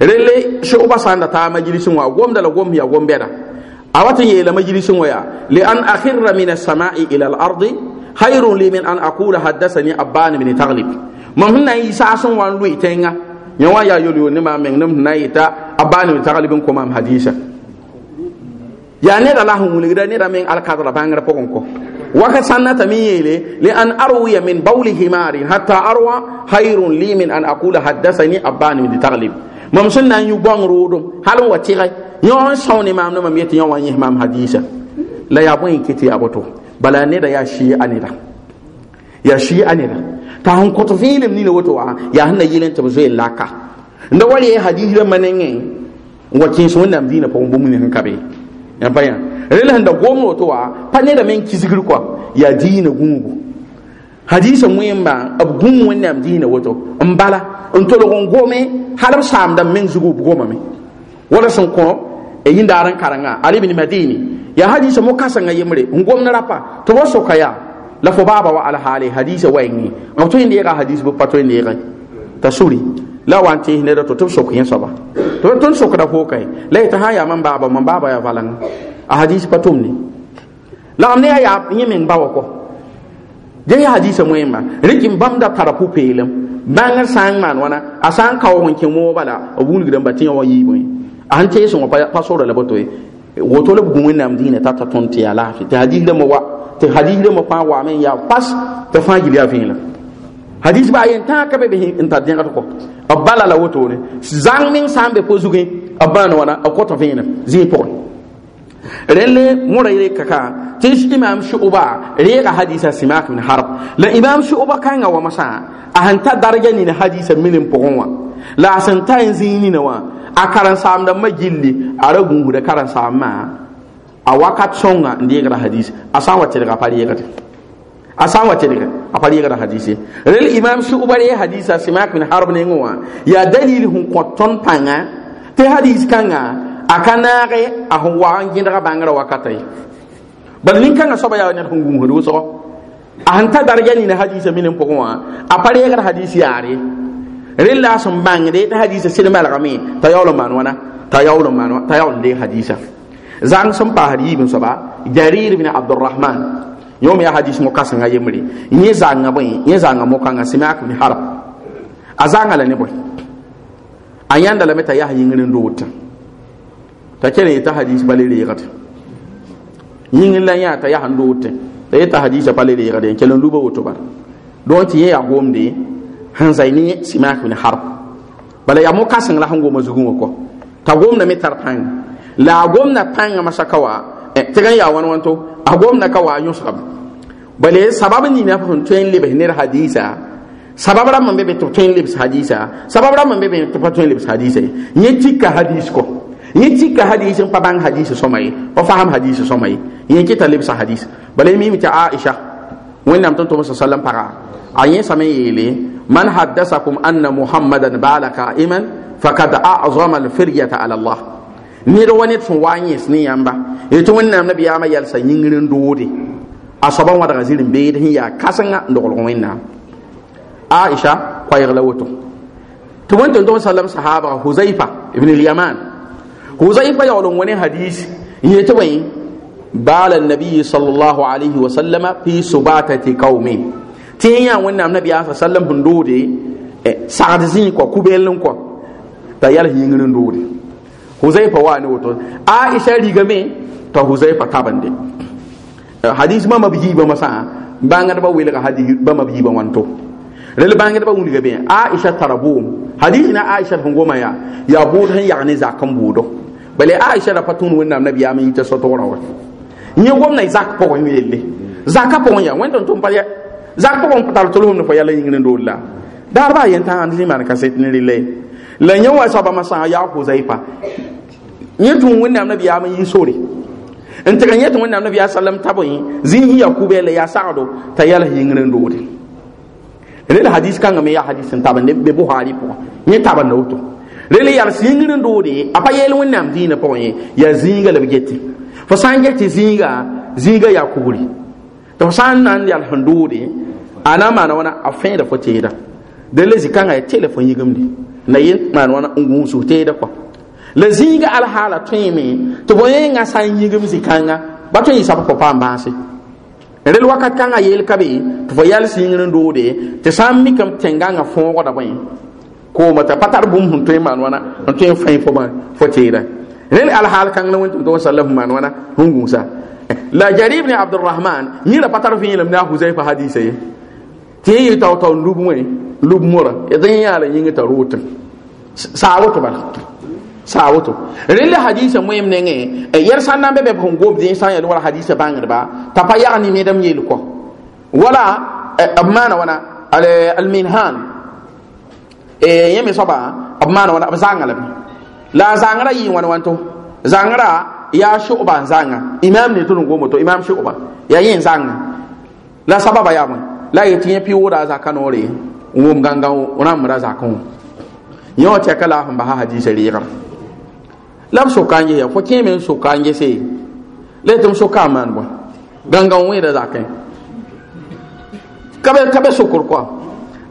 rele sʋʋba sã n da taa majlis n wa gomda la gom ya yaa gom-bɛda awata yela majlisun waya li an akhirra min as-sama'i ila al-ardi khairun li min an aqula haddathani abban min taghlib mam na yi sasun wan lu itenga nya wa ya yolo ne ma men na ita abban min taghlibin ko mam hadisa ya ne da lahu mulgira ne da men al-kadra bangra pokon ko waka sanna ta min yele li an arwiya min bawli himari hatta arwa khairun li min an aqula haddathani abban min taghlib mam sunna yu bangrodum halon wa tigai yõ sõu ne maam nambã me tɩ yõ wa yẽs maam hadiisa la yaa bõe n kɩ tɩ yaa woto bala neda yaa sɩɩ a neda yaa sɩɩ a neda t'a sẽn kõt vẽelem nina woto wã yaa sẽn na yɩl n tɩ b zoee laka n da wa ree hadiis rãmbã nengẽ n wa kẽes wẽnnaam dĩinã pʋgẽ bũmb ne sẽn ka be yã pa yã rel sẽn da gomd woto wã pa neda me n kisgr koa yaa diinã gũugu hadiisa wẽnbã b gũm wẽnnaam dĩinã woto n bala n tolg n gome hal b saamdame meng zugu b gomame wala sẽn kõ e yinda aran karanga ali ibn madini ya hadisa mo kasanga yemre ngom na rapa to waso kaya la fo baba wa al hali hadisa wayngi ngato yinde ga hadis bu pato yinde ga tasuri la wanti ne da to to sokko yen soba to ton sokko da hokai la ta haya man baba man baba ya valan a hadis patum ni la amne ya yemen bawo ko je ya hadisa muhimma rikin da tarapu pelem bangar sang man wana asan kawo wonkin wo bala obul gidan batin yawa yibo an te yesu pa sora da botoy woto la wani namdi ne ta ta tun tɩ yaa laafɩ tɩ hadis dãmbã wa tɩ hadis dãmbã fãa waame n yaa pas tɩ fãa gil yaa vẽelã hadis baa yen tãag ka be bɩ ta dinga dẽgd kɔ bala la wotone zãng meng sã n be po zugẽ b bãan wãna b kota vẽenem rele muraire kaka tish imam shu'ba rega hadisa simak min harb la imam shu'ba kanga wa masa ahanta darga ni hadisa min pogonwa la santa zini na wa akaran sam da magilli a huda karan sam ma a wakat songa ndiga hadis asan wace daga a yaga asan wace daga a fari yaga hadisi rel imam shu'ba re hadisa simak min harb ne ngwa ya dalil hun kwaton panga te hadis kanga a ka naage a sẽn wa n gẽdga bãngrã wakata ye bal nin-kãngã soaba yaa ned sẽn gũusd wʋsgɔ a sẽn ta darga nina hadiisã mine n pʋgẽ wã a pa reegd hadiis yaar ye rẽ la a sẽn bãngde tɩ hadiisã sɩd malgame t'a yaool n maan wãna t'a yaool n maan wã t'a yaool n deeg hadiisã zãng sẽn paasd yiib n soaba jarir abdurahman yaa hadiis mokãsengã yembre yẽ zãnga bõe yẽ zãnga mokãngã a zãnga la ne bõe a yãnda lame t'a yaa yĩngr n ta kene ita hadis bale re yigata yin la ya ta ya hando wote ta ita hadisi bale re yigata kelen luba woto ba don ti ya gomde han zaini simak bin harb bala ya mo kasin la hango mazugun ko ta gomna mitar tarpan la gomna panga masakawa eh, tigan ya wan wanto a gomna kawa yusab bale sabab ni na fon tuen libe ne hadisa sabab ram be be to tuen libe hadisa sabab ram be be to tuen libe hadisa yetika hadis ko yi tika hadisi pa bang hadisi soma yi o faham hadisi soma yi yi kita lebsa hadisi bale mi mi ta aisha wannan tun to sallam para ayin same yele man haddasakum anna muhammadan balaka iman faqad a'zama al-firyata ala allah ni do wani tun wani ni yamba yato wannan nabi ya ma yalsa yingirin dode a wa daga zirin be hin ya kasanga ndogol wenna aisha kwayar lawato to wannan tun sallam sahaba huzaifa ibn al zai fa yaulun wani hadisi yi ta wani bala nabi sallallahu alaihi wa sallama fi subatati qaumi tin ya wannan nabi sallallahu sallam bin dode eh, sa'ad zin ko kubelin ko ta yal hingirin dode zai fa wani wato aisha riga me ta huzaifa ta bande eh, hadis ma mabiji ba masa bangar ba ka hadis ba mabiji ba wanto rel bangar ba wuni gabe aisha tarabum hadisi na aisha goma ya ya bod han ya ne zakan bodo bale aisha ra patun wẽnnaam nabiyaam n yita so-toogrã wa yẽ gomna zak pʋgẽ yelle zakã pʋgẽ ya wẽn tõnd tʋm pa yɛ zak pʋgẽ tar tolsem ne fo yɛla yĩngr n doodla daarba a yen tã ãnd sẽn maan kaset ne rela ye la yẽ wa soabã masã yaa hozaipa yẽ tũu wẽnnaam nabiyaam n yɩ sore n tɩg yẽ tɩ wẽnnaam nabiyaa salam tabẽ zĩig sẽn yaa kubɛ la yaa sagdo t'a yɛls yĩngr n doode rel hadis kãngame yaa hadis n tabende be buhaari pʋgã yẽ tabenda woto rel yab zĩngr n a pa yɛl wẽnnaam dĩinã pʋgẽ ye yaa zĩiga la b gete fo sã n get tɩ zĩiga zĩiga yaa kugri tɩ fo sã n na n yals n doode a na n maana wãna a fẽeda fo teeda dẽn la zĩ-kãngã yaa tele fo yĩgemde la yẽ maan wãna n gũusg teeda kɔa la zĩiga alhaala tõeme tɩ bõe yẽngã sã n yĩgem kãngã ba tõe yɩ sab fo paam bãase rel wakat kãngã yeel ka be tɩ fo yɛl zĩngr n doode tɩ sã n mikame tẽngãngã fõogda bõe kooma t'a pa tar bũmb sẽn tõe n maan wãna n tõe n fãe fo fo teera rel alhaal kãngã wẽntɩm tɩ wa sallam maan wãna sẽn gũusa la jarib ne abdurahman yẽra pa tar vẽelem ne a huzaifa hadiisa ye tɩ yẽ yɩ tao tao lub wẽ lub mora d yẽ yaala yĩngẽ t'a rotem saa woto bala saa woto rẽ le hadiisa wẽem nengẽ yɛr sãn na n be bɛ sẽn gomd yẽ sã n yel wala hadiisa bãngdba t'a pa yag nimẽdame yel kɔ wala b maana wãna alminhan eh yemi soba abman wala abzanga labi la zangara yi wani wanto zangara ya shu'ba zanga imam ne tun gomo to imam uba ya yin zanga la sababa ya mun la yiti pi wura zakanore wum ganga onam ra zakon yo te kala han ba hadisi riga lam sokanje ya fo kemen sokanje se le tum sokaman ba ganga wira zakan ka kabe sokor kwa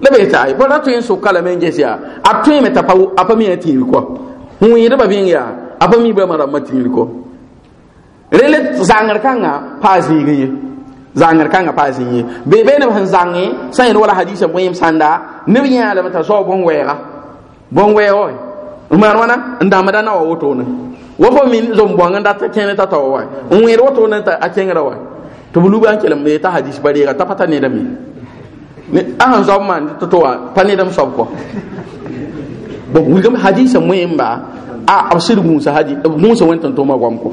la be ta ay bora tuin su kala men gesia a tuin me ta pa a pa mi ati ko mu yi da babin ya a pa mi ba mara mati ko rele zangar kanga pa yi gi zangar kanga pa zi yi be be ne han zangi sai wala hadisa mu yim sanda ne bi ya da ta so bon wera bon wero umar wana ndamada na wa woto ne wo fo min zom bonga ndata kene ta tawa wa yi wero woto ne ta a kengra wa to bulu ban kelam ne ta hadis bari ga ta pata ne da mi a sẽn zaob maan tɩ tɩ wa pa nedam soab kɔ bon wilgame hadiisa a b sɩd gũusa gũusa wẽn tɩn tʋʋma goam kɔ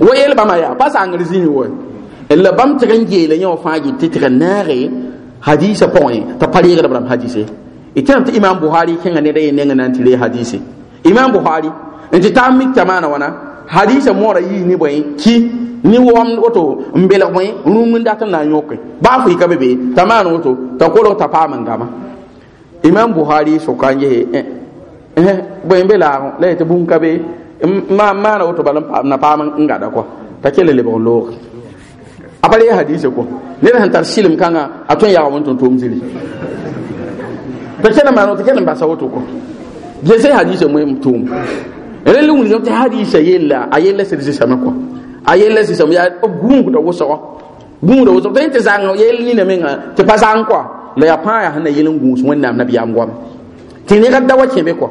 wa yel bãmba yaa pa sãngr zĩig wa la bãmb tɩg n geela yẽ wã fãa gɩd tɩ tɩg naage hadiisa pʋgẽ t'a pa reegdb rãmb hadiise y e, tẽm tɩ imam buhari kẽnga ned a yẽ neng na n tɩ ree hadiise imam buhari n tɩ taam mik tamaana wãna hadiisa moora yɩɩ ne bõe ki ni wom woto n belg bõe na n yõke baa fo ka bebe t'a maan woto t'a kolg t'a paam n gama imam buhari sʋka n yese bõe n be laagõ la yetɩ bũmb ka be maana woto bala na paam n gãda kɔ t'a kell lebg n a pa ree hadiise kɔ ned sẽn tar silm kãngã a tõe n yagm n tʋm-tʋʋm ziri t'a kell n maan kell n basa woto kɔ hadiise tʋʋm rẽ le tɩ hadiisa yella a yella sɩd kɔ a yel la sẽn yaa gũugda wʋsgɔ gũuda wʋsg tɩ tɩ zãng yel nina menga eh, tɩ pa zãng kɔa la yaa pãa yaa sẽn na yel n gũus wẽnnaam nabiyaam goame tɩ negd da ni kẽbe kɔ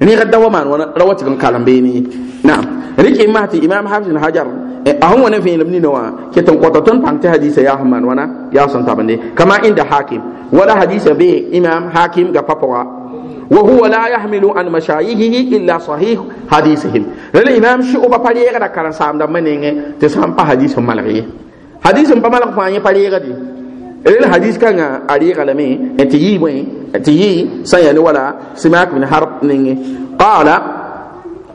negd da ni maan wa ra wa tɩg n kalem beene ni, na rɩk y mas tɩ imam habsin hajar eh, a sẽn wa ne vẽelem nina wã ket n kɔta tõnd pãng tɩ hadiisa yaa sẽn maan wãna yaa sẽn tabende kama inda hakim wala hadisa be imam hakim ga papawa. وهو لا يحمل عن مشايخه الا صحيح حديثهم الامام شعبه بريغه دا كان سام دا منين تسام با حديث مالغي حديث با مالغ فاني بريغه دي الى الحديث كان اريغه لمي انتي وين انتي سيان ولا سماك من حرب نين قال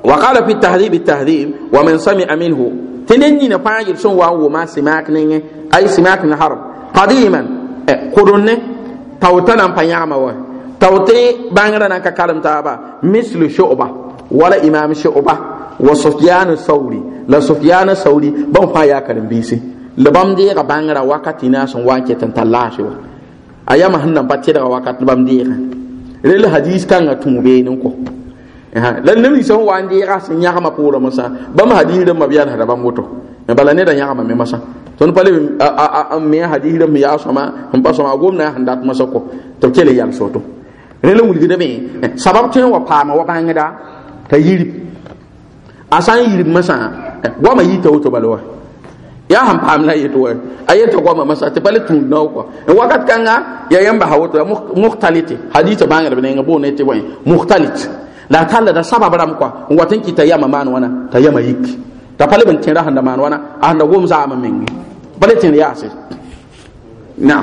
وقال في التهذيب التهذيب ومن سمع منه تنيني نفاجر سن وان وما سماك نين اي سماك من حرب قديما إيه، قرن توتنا بياما tawte bangra nan ka kalam taaba mislu shu'ba wala imam shu'ba wa sufyan sauri la sufyan sauri ban fa ya kalam bisi labam de ga bangra wakati na sun wanke tan tallashi wa ayama hannan batte daga wakati bam de ga rel hadis kan ga tumbe nin ko la nem san son wanje ga sun ya ma pura musa bam hadis da mabiyan da bam moto bala ne da nyaka ma me masa tõnd pa a a me a hadiis rãmb yaa sõma n pa sõma gomna sẽn dat masã kɔ tɩ b yal soto rel wilgda me sabab tõe wa paama wa bãngda t'a yirib a sã n yirib masã goama yita woto bala wa yaa sẽn paam la yet wa a yeta goama masã tɩ pa le tũudna wa kɔ wakat kãnga yaa yãmba ha woto muxtalite hadisa bãngdb nenga boone tɩ bõe muxtalit la talla da sabab rãmb kɔa n wat n ki t'a yama maan wãna t'a yama yik t'a pa le bn tẽra sẽn da maan wãna a sẽn da gom zaamã menge pa le tẽr yaase Na.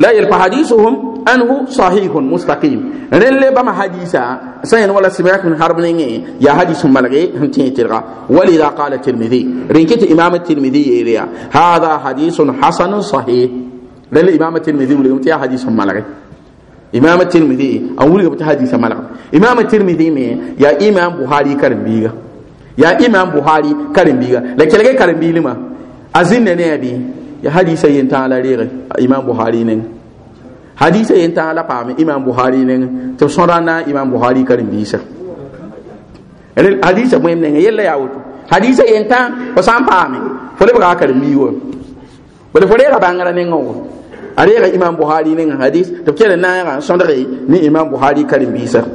la yelpa hadisuhum anhu sahihun mustaqim rẽn le bãmb hadisa sã yẽnd wala sibrak n harb nengẽ ya hadisu n malge sẽn tẽe tɩrga walida qala tirmidi rẽn kɩ tɩ imam tirmidi yeele yaa hada hadisun hasanun sahih rẽn le imam tirmidi wilgm tɩ yaa hadis n malge imam tirmidi a wilgb tɩ hadisa malgb imam tirmidi me ya imam buhari karen biga. Ya imam buhari karen biga. la kelge karen-biilmã a zĩnda ne a bɩ ya hadisa yin ta la rere imam buhari ne hadisa yin ta la pam imam buhari ne to na imam buhari karin bisa hadisa mu ne yella ya wutu hadisa yin ta ko san pam fole ba karim biwo bale fole ga bangara ne ngo are ga imam buhari ne hadis to kele na ga sondare ni imam buhari karin bisa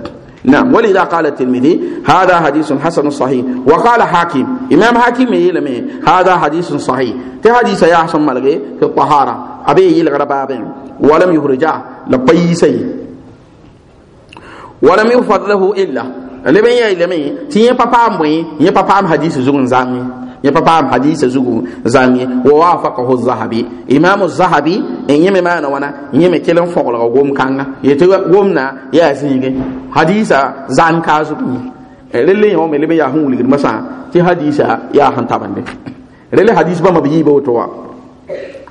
نعم ولذا قال الترمذي هذا حديث حسن صحيح وقال حاكم امام حاكم يلمي هذا حديث صحيح تي حديث يا حسن ملغي في الطهاره ابي يلغى بابين ولم يخرجا لبيسي ولم يفضله الا لمن يلمي تي بابا مي يا بابا حديث زون زامي ya pa paam hadisa zugu zangi wa wafaqahu az-zahabi imam az-zahabi en yeme mana wana yeme kelen fogol gom kanga yete gomna ya zinge hadisa zan ka zugu rele eh, yo me lebe ya hun ligir masa ti hadisa ya han tabande rele hadis ba mabiyi ba to wa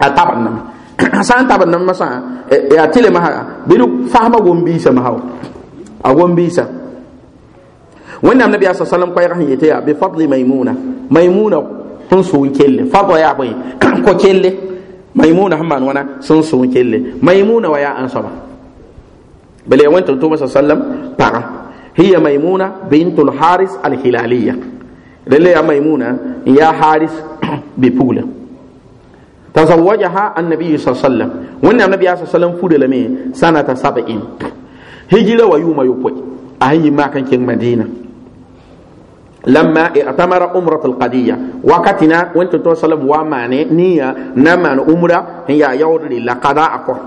a tabanna san tabanna masa ya eh, eh, tile maha bidu fahma gombi sa mahaw a gombi sa wẽnnaam nabiya sa salam koɛɛg sẽn yetɩ yaa bɩfadli maimuna maimuna sẽn sʋʋn kelle fadla yaa bõe ko kelle maimuna sẽn maan wãna sẽn sʋʋn kelle maimuna wa yaa ãnsaba bala ya wẽntɩ tʋʋma sa salam pagã hiya maimuna bint lharis alhilaliya rela yaa maimuna n yaa haris bɩ pugla تزوجها النبي صلى الله عليه وسلم وان النبي صلى الله عليه وسلم فود لمي سنه 70 هجره ويوم يوبوي اهي ما كان لما اعتمر عمرة القضية وقتنا وانت توصل ومعنى نية نما عمرة هي يور لله قضاء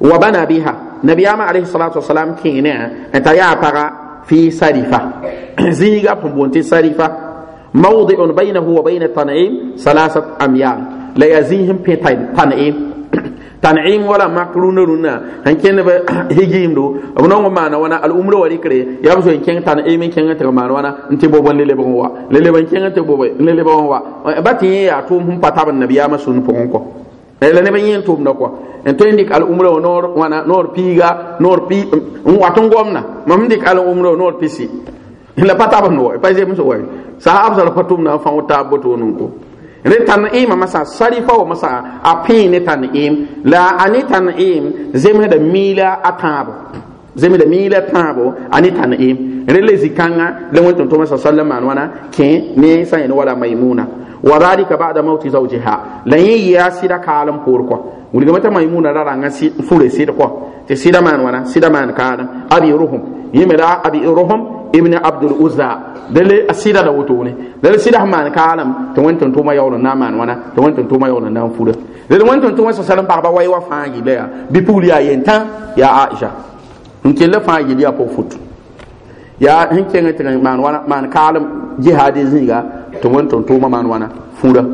وبنى بها نبي عليه الصلاة والسلام كينا انت يعتغى في سرفة زيغة بمبونت سرفة موضع بينه وبين التنعيم ثلاثة أميال لا يزيهم في تنعيم tan'im wala makruna runa han kenne ba do abuna ngo mana wana al umru wari kre ya bu so ken tan'im ken ta mana wana nti bobo lele bon wa lele ban ken ta bobo lele bon wa eh, bati ya to hum ban nabiya masun pon ko eh, lele ne ban yin to mna ko en to indik al umru nor wana nor piga nor pi mm, waton gomna mam dik al umru nor pisi la pataban no e pa je muso wa sahabza la patum na fa wata boto nun ko re tan'ima masa sarifa wa masa a pẽene tan'im la a ne tan'im zemsda miila a tãabo zemsda miila tãabo a ne tan'im rẽ tan im rile zikanga wẽn tʋm-tʋma masa sallam maan wãna kẽ ne sã yẽnd wala maimuna wa dhalika bada mauti zaujiha la yẽ ya sɩda kaalem poor kɔ wilgame t'a maimuna ra rãngã fure sida kɔ te sida maan wana sida maan kaalem a beoorum يمرا ابي ارهم ابن عبد الاوزا دل السيدة دوتوني دل السيدة همان كالم تونتون توما يولو نامان وانا تونتون توما يولو نام فورة دل وانتون توما سسلم بابا واي وفاقي بيا بيبول يا ينتان يا عائشة هنكي لفاقي ليا بو فوتو يا هنكي نتنى مان وانا مان كالم جهادي زيغا تونتون توما مان وانا فورة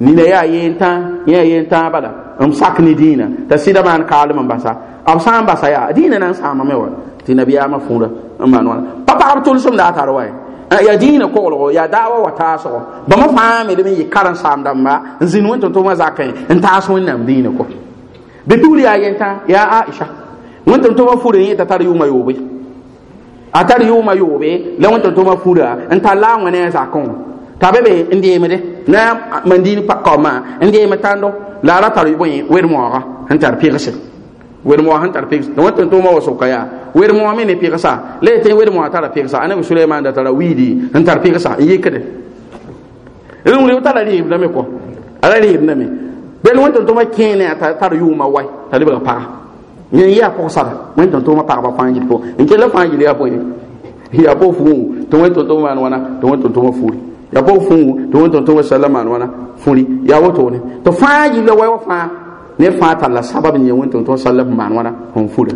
نينا يا ينتان يا ينتان بدا امساك ندينا تسيدة مان كالم انبسا ابسان بسا يا دينا نسا ممي وانا tɩ nabiyaamã fũura n maan wãna pa pagb tʋlsem daa tar wa ya diinã koglgo yaa daawa wa taasgo bãmba fãa me karan sam yɩ karen saam dãmba n zĩnd wẽn tʋm tʋʋmã zakẽ n taas wẽnnaam diinã kɔ bɩ tuur yaa yentã yaa aisha wẽntɩm tʋma fure yẽ t'a tar yʋʋma yoobe a tar yʋʋma yoobe la wẽntɩm tʋma fura n tar la a wẽne a t'a be be n deemde na mandiin pa kaoomã n deem tãndo la ra tar bõe wed-moogã n tar pigse wed-moogã n tar pigse wẽntɩm tʋʋmã wa sʋka yaa wer mo mi ne pigsa le te wer mo tara pigsa anabi suleiman da tara widi n tar pigsa yikde rin wi tara ri ibna me ko ala ri ibna me ben wonto to ma kene ta tar yu ma wai tali ba pa ni ya ko sa wonto to ma pa ba fanji po en ke la fanji ya po ya po fu to wonto to ma wana to wonto to ma furi ya po fu to wonto to ma salama wana furi ya woto ne to fanji la wai wa fa ne fa ta la sababu ni wonto to sallam wana hon furi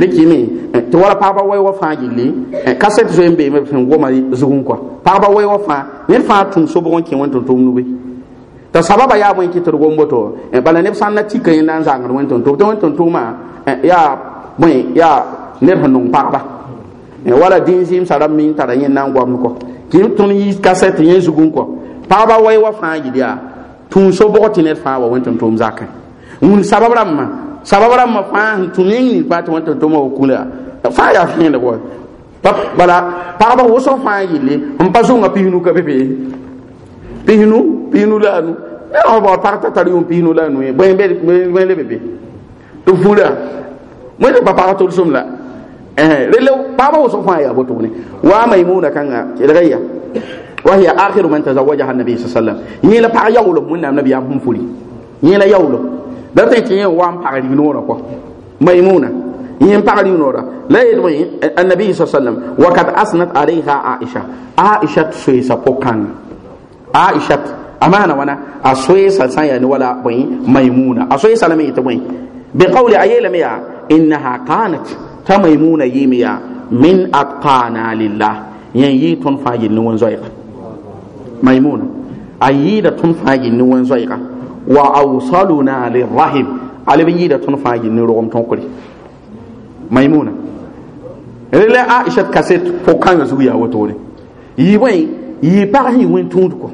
rikimi eh, ti wala paɣaba wai wa fãa gilli eh, kaset zoe n beeme sẽn goma zugum kɔ paɣaba wai wa fãa ned fãa tũm sobg n kẽ wẽn tʋm-tʋʋm t'a sababa ya bõe kɩtd gom woto eh, bala neb sãn na tika yẽ na n zãngd wẽn tʋm-tʋʋm tɩ wẽn tʋm-tʋʋmã yaa ya yaa ned sẽn nong pagba wala dĩin zɩɩm sara min tara yẽ na n gomd kɔ kɩ tõnd yi kaset yẽ zugum kɔ paɣaba wai wa fãa gil yaa tũum sobg tɩ ned fãa wa wẽn tʋm-tʋʋm zakẽ wũn sabab rãmbã sabab rãmbã fãa sẽn tũ ning nin pa tɩ wẽn tɩ tʋma okũla fãa yaa fẽeda wa bala pagba wʋsg fãa yelle n pa zʋnga pisnu ka be pisnu pisnu la a nu ba pag ta tar yʋʋm pisnu la a nu bõe le be tɩ vũra mõe tɩ pa pag tʋlsem la rele pagba wʋsg fãa yaa botone waa maimuna kãnga kelga ya وهي آخر من تزوجها النبي صلى الله عليه وسلم يلا بقى يولم من النبي عم فولي يلا يولم da tɩ tɩ yẽ wa n pagr yinoorã kɔ maimuna yẽ pagr yinoorã la yelm annabi sa sallam wakat asnat alayha aisha aisha tɩ soeesa pʋg-kãngã aisha amaana wãna a soeesa sã n yaa ne wala bõe maimuna a soeesa lame yetɩ bõe biqawli a yeelame yaa innaha kanat t'a maimuna yɩɩme yaa min atqana lillah yẽ yɩɩ tõnd fãa yell ne wẽn-zoɛɛga maimuna a yɩɩda tõnd fãa yell ne wẽn-zoɛɛga wa awsaluna lirrahim alib yi da tun fa yin rogom ton kuri maimuna a aisha kaset k'o kan zuwa ya wato ne yi wai yi pa yi wani tun ko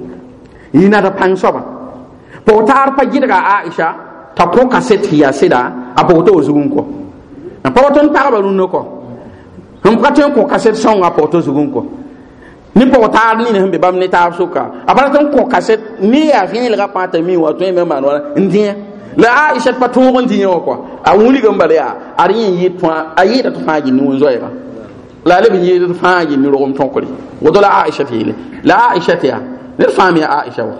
yi na da pan soba po tar pa gidra aisha ta ko kaset ya sida a po to zugun ko na po ton pa ba nun ko hum ka ko kaset son a po to zugun ko ni pɔg taab ni sẽn be bãmb ne taab soka a bara tɩn kõ kaset ne yaa vẽelgã pã t'a mi wa tõe me maan wãna n dẽ la aisha pa tõog n dĩyẽ wã kɔa a wilg n bala yaa ad yẽ yɩ tõa a yɩɩda tɩ fãa gilli wẽn-zoɛɛgã la leb n yeed d fãa gilli rogem tõkre woto la aisha tɩ yeele la aisha tɩ yaa ned fãa me a aisha wa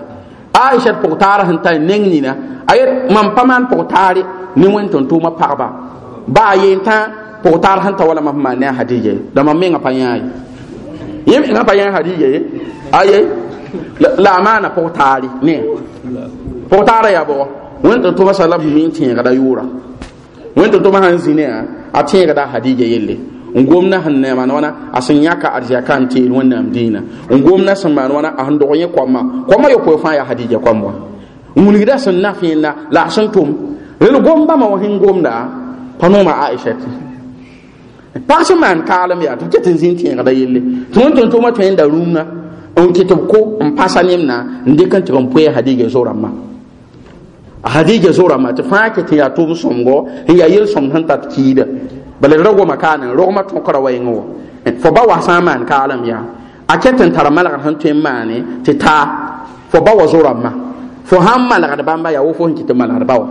aisha d pʋg taara sẽn tar neng nina a yet mam pa maan pʋg taare ne wẽn tɩn tʋʋmã pagba baa yentã pʋg taar sẽn ta wala mam sẽn maan ne a hadiga dama menga pa yãa ye yẽ ngã pa yẽ hadiya ye aye la maana pʋg ne pʋg yaa bɔgɔ wẽntɩ sala min tẽegda yʋʋra wẽntɩ sãn zĩ ne a tẽegda hadiya yelle n gomna sẽn ne maan wãna a sẽn yãka arzɩakam teel wẽnnaam diinã n gomna sẽn maan wãna a sẽn dog yẽ koamã koamã yopoe fãa yaa hadiya koam wa n wilgda sẽn naf yẽnda la a sẽn tʋm rel gom bãmba wã sẽn gomda pa nooma aisha tɩ pag sẽn maan kaalem yaa tɩ b ket n zĩn tẽegda yelle tɩ wẽn tʋm tõe n da rũngã n kɩ b ko n pasa nemna n dɩk n tɩg n poɛɛ hadiga zo rãmbã hadiga zo rãmbã tɩ fãa ket n yaa tʋʋm sõmgo n yaa yel-sõmd sẽn tat kiida bala d rogma kaanẽ rogmã tõkra wa yẽngẽ fo ba wa sã n maan kaalem yaa a ket n tara malgd sẽn tõe n maane tɩ taa fo ba wa zo rãmbã fo sãn malgd bãmba yaa wo fo sẽn kɩ tɩ malgd ba wa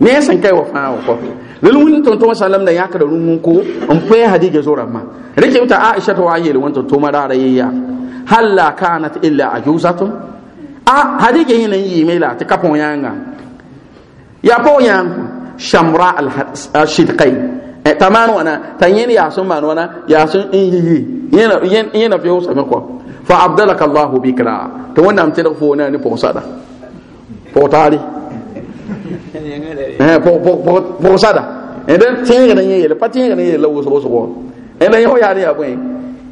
ne san kai wa fa ko lil mun ton to sallam da yakada rumun ko an pe hadija zora ma rike ta aisha ta waye won to ma da rayya halla kanat illa ajuzatun a hadija yin yi mai la ta kafon yanga ya po yan shamra al shidqai taman ana tanyeni ya sun manu ana ya sun in yi yana yana fi usa ko fa abdalaka allah bikra to wannan am tin fo na ni po sada po tari pʋgsada d tẽegd n yẽ yel pa tẽegd n yel la wʋsg-wʋsgo d yõ yaa ne yaa bõe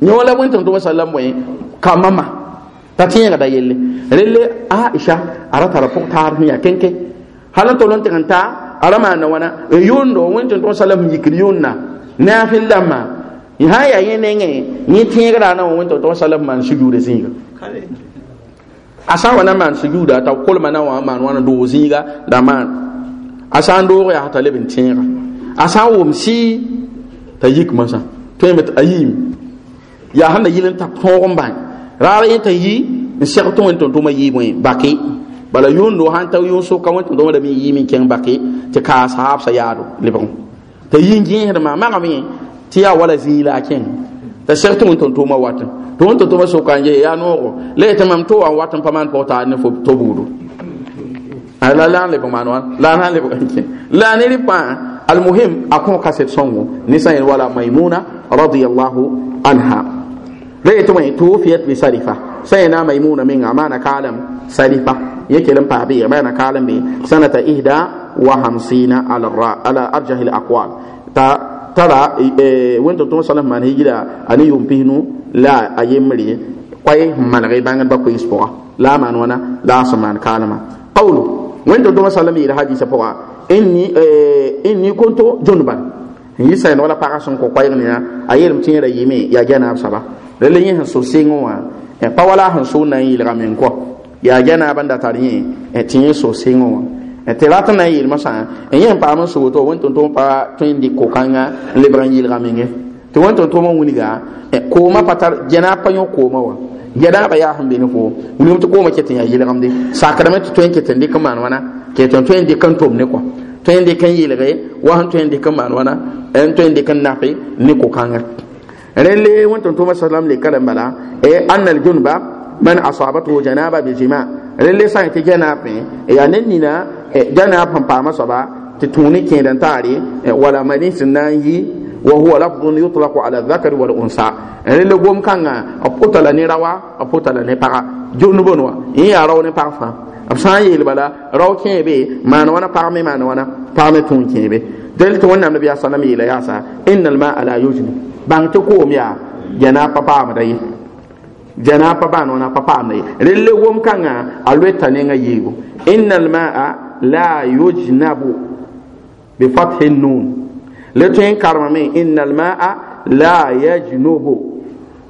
yõ la bõe tɩm wa sallam bõe ka mama t'a tẽegda yelle relle aisha a ra tara pʋg taar sẽn yaa kẽnke hal n tol n tɩg n taa a ra maanda wãna n yʋʋndo wẽn tɩm tɩ sallam n yikr yʋʋnna ne a fẽn lama sã n yaa yẽ nengẽ yẽ tẽegrã na wã wẽn tɩm tɩ wasalam maan sujuudã zĩiga asa wana man maan sujuuda t'a kolma na wa man wana do ziga da man a sã ya t'a leb tinga tẽega a sã t'a yik masã tõeme t'a yiim ya sẽn da t'a tõog ban rara yin t'a yi in seg to wẽn to mai yɩɩ baki bala yun do han t'a yʋʋn soka wẽn-tʋm-tʋma dame yɩɩm n baki bake ka sahab sahaabsã yaado lebg t'a yi n ma ma magame tɩ yaa wala zĩig la a t'a sɛg tɩ wẽn-tʋm-tʋʋmã watẽ tɩ wẽn tʋm-tʋʋmã soka n ye yaa noogo la yetɩ mam tɩ wan wat n pa maan pʋg t'a ne fo to buudu la la n lebg maan wan la na n lebg n kẽ la ne rɩ pãã almuhim a kõ kaset sõngo ninsã yen wala maimuna radiallahu anha la yetɩ wẽ tuufiyat bi sarifa sã yena maimuna menga maana kaalem sarifa يكلم بابي بين كالم sãnata ihda wa hamsina الرا على أرجح aqwal ta tara eh, wẽn-to-tõog sãla maan higira a ne yʋʋm pisnu la a yembre koɛ n manege bãngdba koees pʋga la a maan wãna la a sẽn maan kaalmã qawlu wẽn-to-tõogã sãlam yeela hadiisã pʋga n eh, ni konto dũnban n yɩ sẽn wala pagã sẽn kõ koɛɛg nina a yeelm tẽ yẽra yɩme yaa gɛnaab saba rela yẽ eh, sẽn sor seengẽ wã pa wala sẽn sʋʋn na n yɩlga meng kɔ yaa gɛnaabã da tar yẽ tɩ yẽ sor seengẽ wã tɩ rat n na n yeel masã n yẽ n paam n soto wẽn tʋm pa ko pa wa be ko wa man janaba dana eh, pampaama soaba tɩ tũuni kẽed ke dan tare eh, wala mani sunan yi wa huwa lafdun yutlaqu ala dhakari wal unsa eh, le gom kãngã b pʋta la rawa a potala la ne paga jʋnd bõn wa n yaa rao yi pag fãa b sã n yeel bala rao man wana wãna me tun wãna pag me tũun kẽebe dẽl tɩ wẽnnaam nabiyaa salam yeela yaasa inna lmaa la yujni bãng tɩ koom yaa yana pa paamda ye jana papa baan wãna papa paamda ye rẽl le wom kãngã a loeta nengã yeego la yujnabu bi fathi nun le tõe n karemame ĩnna almaa la yajnubu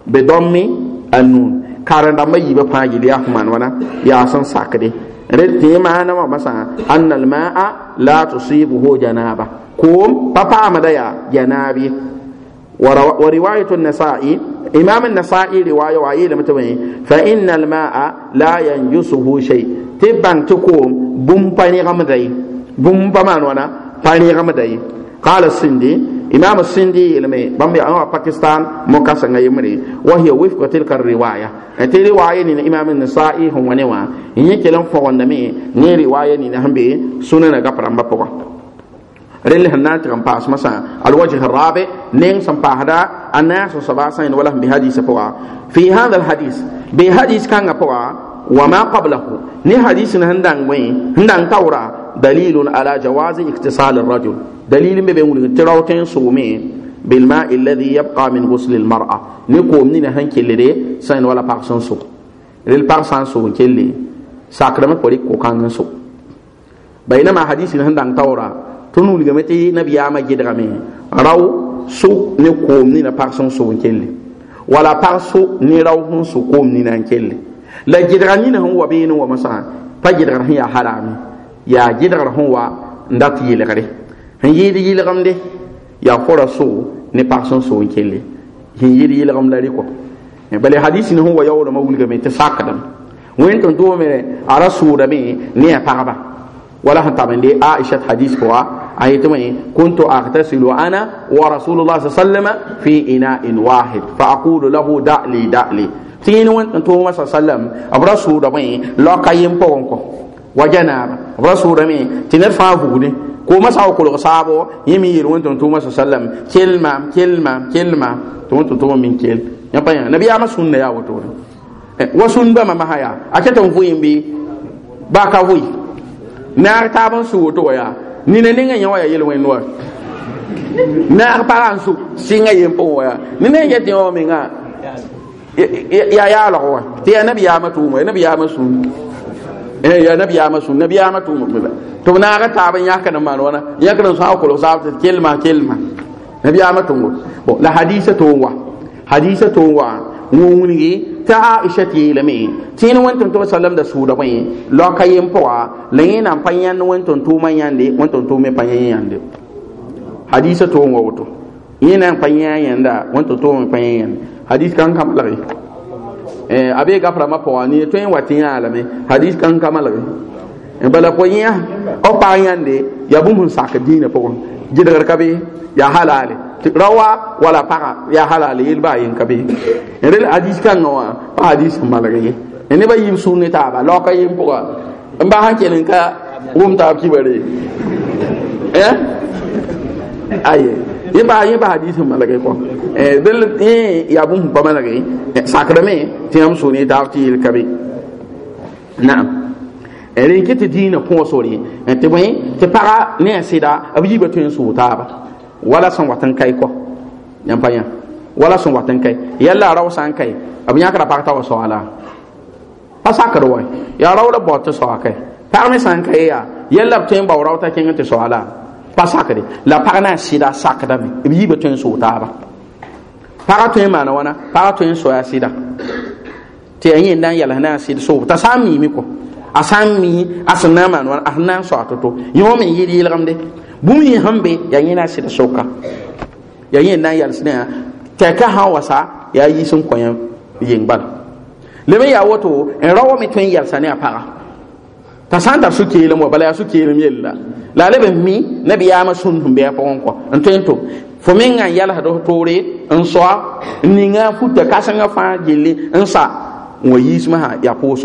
bi mi a nun karendãmbã yiibã fãa gil yaa fõ maan wãna yaa sẽn sakde rẽ tẽ maana wã masãga anna almaa la tusibuhu janaba ورواية النسائي إمام النسائي رواية وعيلة متوين فإن الماء لا ينجسه شيء tɩ bãng tɩ koom bũmb pa rẽgemda ye bũmb pa maan wãna pa rẽgemda ye qaala sindi imam sindi yelme bãmb yaa wa pakistan mokasengã yembre wa hiya wifqa tilka riwaya e tɩ riwaya nina imam nasai wani wa ne wã n yẽ kell n fogendame riwaya nina sẽn be sunanagã pa rãmbã pʋgã rel sẽn na n tɩg n paas masã alwajh rabe neng sẽn paasda a naasõ soaba sã yẽnd wala sẽn be hadiisã pʋga fi hada alhadis bɩ hadis kãngã pʋga wa ma qablahu ni hadisin handan wai handan taura dalilun ala jawazi iktisal ar-rajul dalilin be wuri tirawten sume bil ma'i alladhi yabqa min ghusl al-mar'a ni ko ni na hankele de san wala par san so rel par san so kelle sakrama pori ko kan su. so bainama hadisin handan taura tunu ligamati nabiyama gidrame raw su ni ko ni na par san so kelle wala par so ni raw hun su ko ni na kelle la gɩdga nina sẽn wa bẽene wã mosã pa gɩdgr sẽn yaa harame yaa gɩdgr sẽn wa n dat yɩlgre sẽn yɩɩd yɩlgemde yaa fora soo ne pag sẽn soo n kelle sẽn yɩɩd yɩlgem la rɩkɔ bale hadisi sẽn wa yaoolame wilgame tɩ sakdem wẽn tʋm tʋʋme a ra sʋʋdame ne a pagba wala sẽn tab n de aishat hadis pʋga أيتمني كنت أغتسل أنا ورسول الله صلى الله عليه وسلم في إناء واحد فأقول له دع لي دع لي تين وين توما صلى الله عليه وسلم أبرسول ربي لا قيم بونكو وجناب أبرسول ربي تنفع فودي كوما ساو كل صابو يمي يرون توما صلى الله عليه وسلم كلمة كلمة كلمة توما توما من كل يبقى نبي أما سنة يا وتور أه، وسنة ما ما هيا أكتم فوين بي باكا فوي نار تابن سوتو يا nina ninga nya wa yel wen wa na para ansu singa yempo wa ne yete o menga ya ya la ho ti ya nabi ya matu mo nabi ya masu eh ya nabi ya masu nabi ya matu mo to na ga ta ban yaka na man wana yaka na sa ko sa ta kelma kelma nabi ya matu mo la hadisa to wa hadisa to wa wun ta aisha ti yi lame tin wantun to sallam da su da bai loka yin pawa na fanya an panyan to man yande wantun to me yan yande hadisa to wa wato yin an panyan yanda wantun to me panyan yande hadis kan kamalare eh abe gafara ma pawa ni to yin watin ya lame hadis kan kamalare en eh, bala ko yin o pa yande ya bu mun sakadina pawa gidgr ka be yaa tɩ rawa wala paga ya halaale yel baa yen ka be rel wã pa n ye sũur ne taaba laoka yen pʋga n ka wʋm taab aye yẽ baa yẽ hadis n malge kɔ yẽ yaa bũmb pa malge tɩ yãmb sũur ne taab tɩ yel ka be naam ren kɩ tɩ dĩinã põosor ye tɩ bõe tɩ pagã ne a sɩda b yiiba tõe n sʋʋg taaba wala sẽn wat n kae kɔ yãmb pa yã wala sẽn wat n kae yɛlla a rao sã n kae b yãkra pag t'a wa soala pa sakr wa yaa rao la baod tɩ soaka pag me sã n kae yaa yɛlla b tõe n bao rao t'a kẽng tɩ soala pa sakre la pag na n sɩda sakdame b yiiba tõe n sʋʋg taaba pagã tõe n maana wãna pagã tõe n soya sɩda tɩ yaa yẽnda n yɛls na n sɩd soob t'a sã n miime kɔ a san mi a sẽn na n maan a san na n a to-to yõ me yi yɩl yɩlgemde bũmb yẽ sẽn be yaa na n sɩd soka ya yẽ na n yals ne tɛka ha wasa ya yi sun kõ yin ban bala le me yaa woto n ra wa me tõe n yalsa ne a paga t'a sã n tar su-keelem wa bala yaa su-keelem yella la a leb n mi nabiyaamã sũn sẽn be ya pʋgẽ kɔ n tun to tʋm fo min n yalsd f toore n soa n ninga n futa kãsengã fãa gilli n sa n wa yiismã sã yaa pʋʋs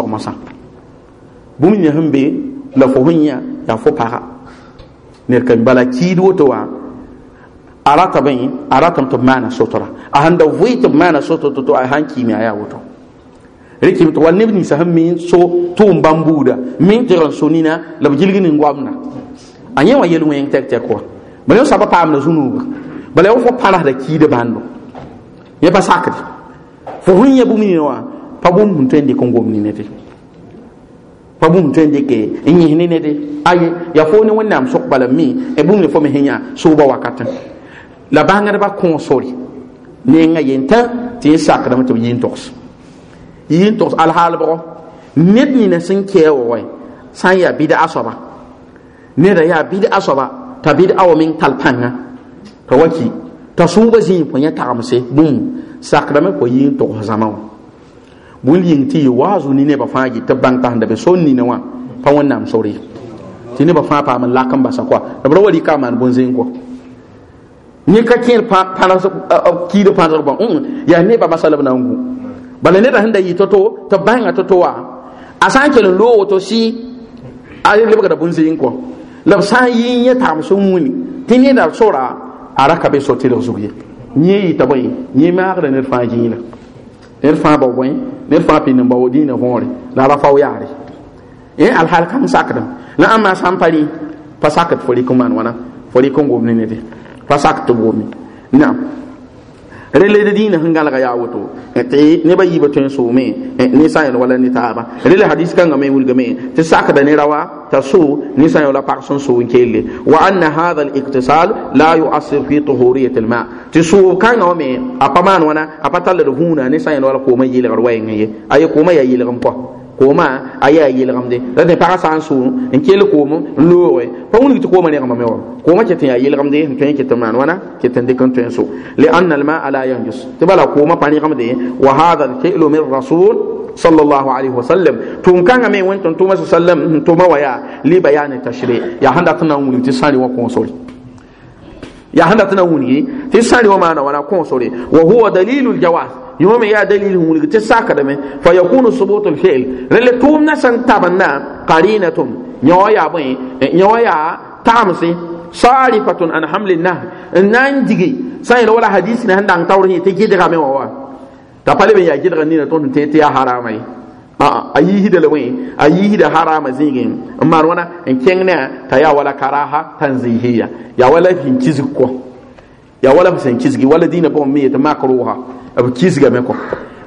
bũmb ne sẽn be la fo sẽn yã yaa fo paga ned ka bala kiid woto wã a rata bẽ a ratame tɩ b maana sotra a sãn da vɩɩ tɩ b maana sotr tɩ tɩ a sãn kiime a yaa woto rɩkɩm tɩ wall neb ninsã sẽn me so tʋʋm bãmb buuda me tɩg n so nina la b yilg nin goamna a yẽ wã yel wẽng tɛk-tɛk wa bala yõ saba paamda zu-nuuga bala yõ fo pãrasda kiidã bãndo yẽ pa sakde fo sẽn yã bũmb nina wã pa bũmb sẽn tõe n dɩk n gom nine tɩ pa bũmb tõe n dɩke n yĩs ne nede aye yaa fo ne wẽnnaam sʋk bala mi e bũmb ne fo me sẽn yã sʋʋba wakatẽ la bãngdbã kõo sore nengã yentã tɩ yẽ sakdame tɩ b yɩn togs yɩn togs alhaalbgɔ ned nina sẽn kɛɛoogẽ sã n yaa bɩd-a soaba neda yaa bɩd-a soaba t'a bɩd-a wa meng tall pãngã t'a wa ki t'a sʋʋba zĩig pʋ yẽ tagemse bũmb sakdame pʋ yɩn togs zãma wã bũmb yĩng tɩ yɩ waazu ni nebã fãa yɩ tɩ bãng pasẽnda be sõn wa wã pa wẽnnaam sor ye tɩ nebã fãa paam n lak n basa koa b ra wa rɩka a maan bõn-zẽng kɔ yẽ ka kẽer kiid pãdg bã yaa nebã masala b na n gũ bala neda sẽn da yɩ to-to tɩ b bãenga to-to wa a sã n kell n loog woto sɩ a lebgda bõn-zẽng kɔ la b sã n yɩ yẽ tagem sẽn wing da sora a raka be so tɩlg zug ye yẽ yɩ tɩ bõe yẽ maagda ned fãa gĩina ned fãa ba bõe ned fãa n bao dĩinã võore la ra fao yaare ẽ alhal kam sakdame la ãmb maa sã pa rɩ pa sakd fo rɩk n maan wãna fo rɩk n ne nede pa sakd tɩ b gome nam rele de dina hangal ga yawoto te ne bayi ba tun so me ne sa yana wala ni taaba rele hadis kan ga me wul ga me te sakda ne rawa ta so ni sa yana par son so kele wa anna hadha al iktisal la yu'assir fi tuhuriyat al ma te so kan ga me apa man wana apa tal da huna ne sa yana wala ko mai yele garwaye ngaye ayi ko mai gam gampo koma a yaa yelgemde la tɩ pagã sã n sʋʋm n kell koom n looge pa wilg tɩ kooma negema me wa kooma ket n yaa yelgemde n tõe n ket n maan wãna ket n dɩk n tõe n so lianna lma ala yanjus tɩ bala kooma pa negemde wa hada lfi'lu min rasul صلى الله عليه وسلم توم كان مي وين توم توماس وسلم توم ويا لي بيان التشريع يا هندا تنا ولي تسالي وكونسول يا هندا تنا ولي تسالي وما انا وانا كونسول وهو دليل الجواز يوم يا دليل مولك تساك من فيكون صبوت الفعل رل توم نسان تابنا قرينة نوايا بين نوايا تامسي صارفة عن حمل النه نان ديجي ساين ولا حديث نهن دان توري تجد غامي ووا تقالي بين يجد غنينا نتون تيتي حرامي a yi hida la wẽn a yi hida harama zĩigẽ n maan wãna n kẽng ne t'a yaa wala karaha tanzihiya yaa wala sẽn kisg kɔ yaa wala sẽn kisgi wala dĩinã pʋgẽ me yetɩ mak b kisgame kɔ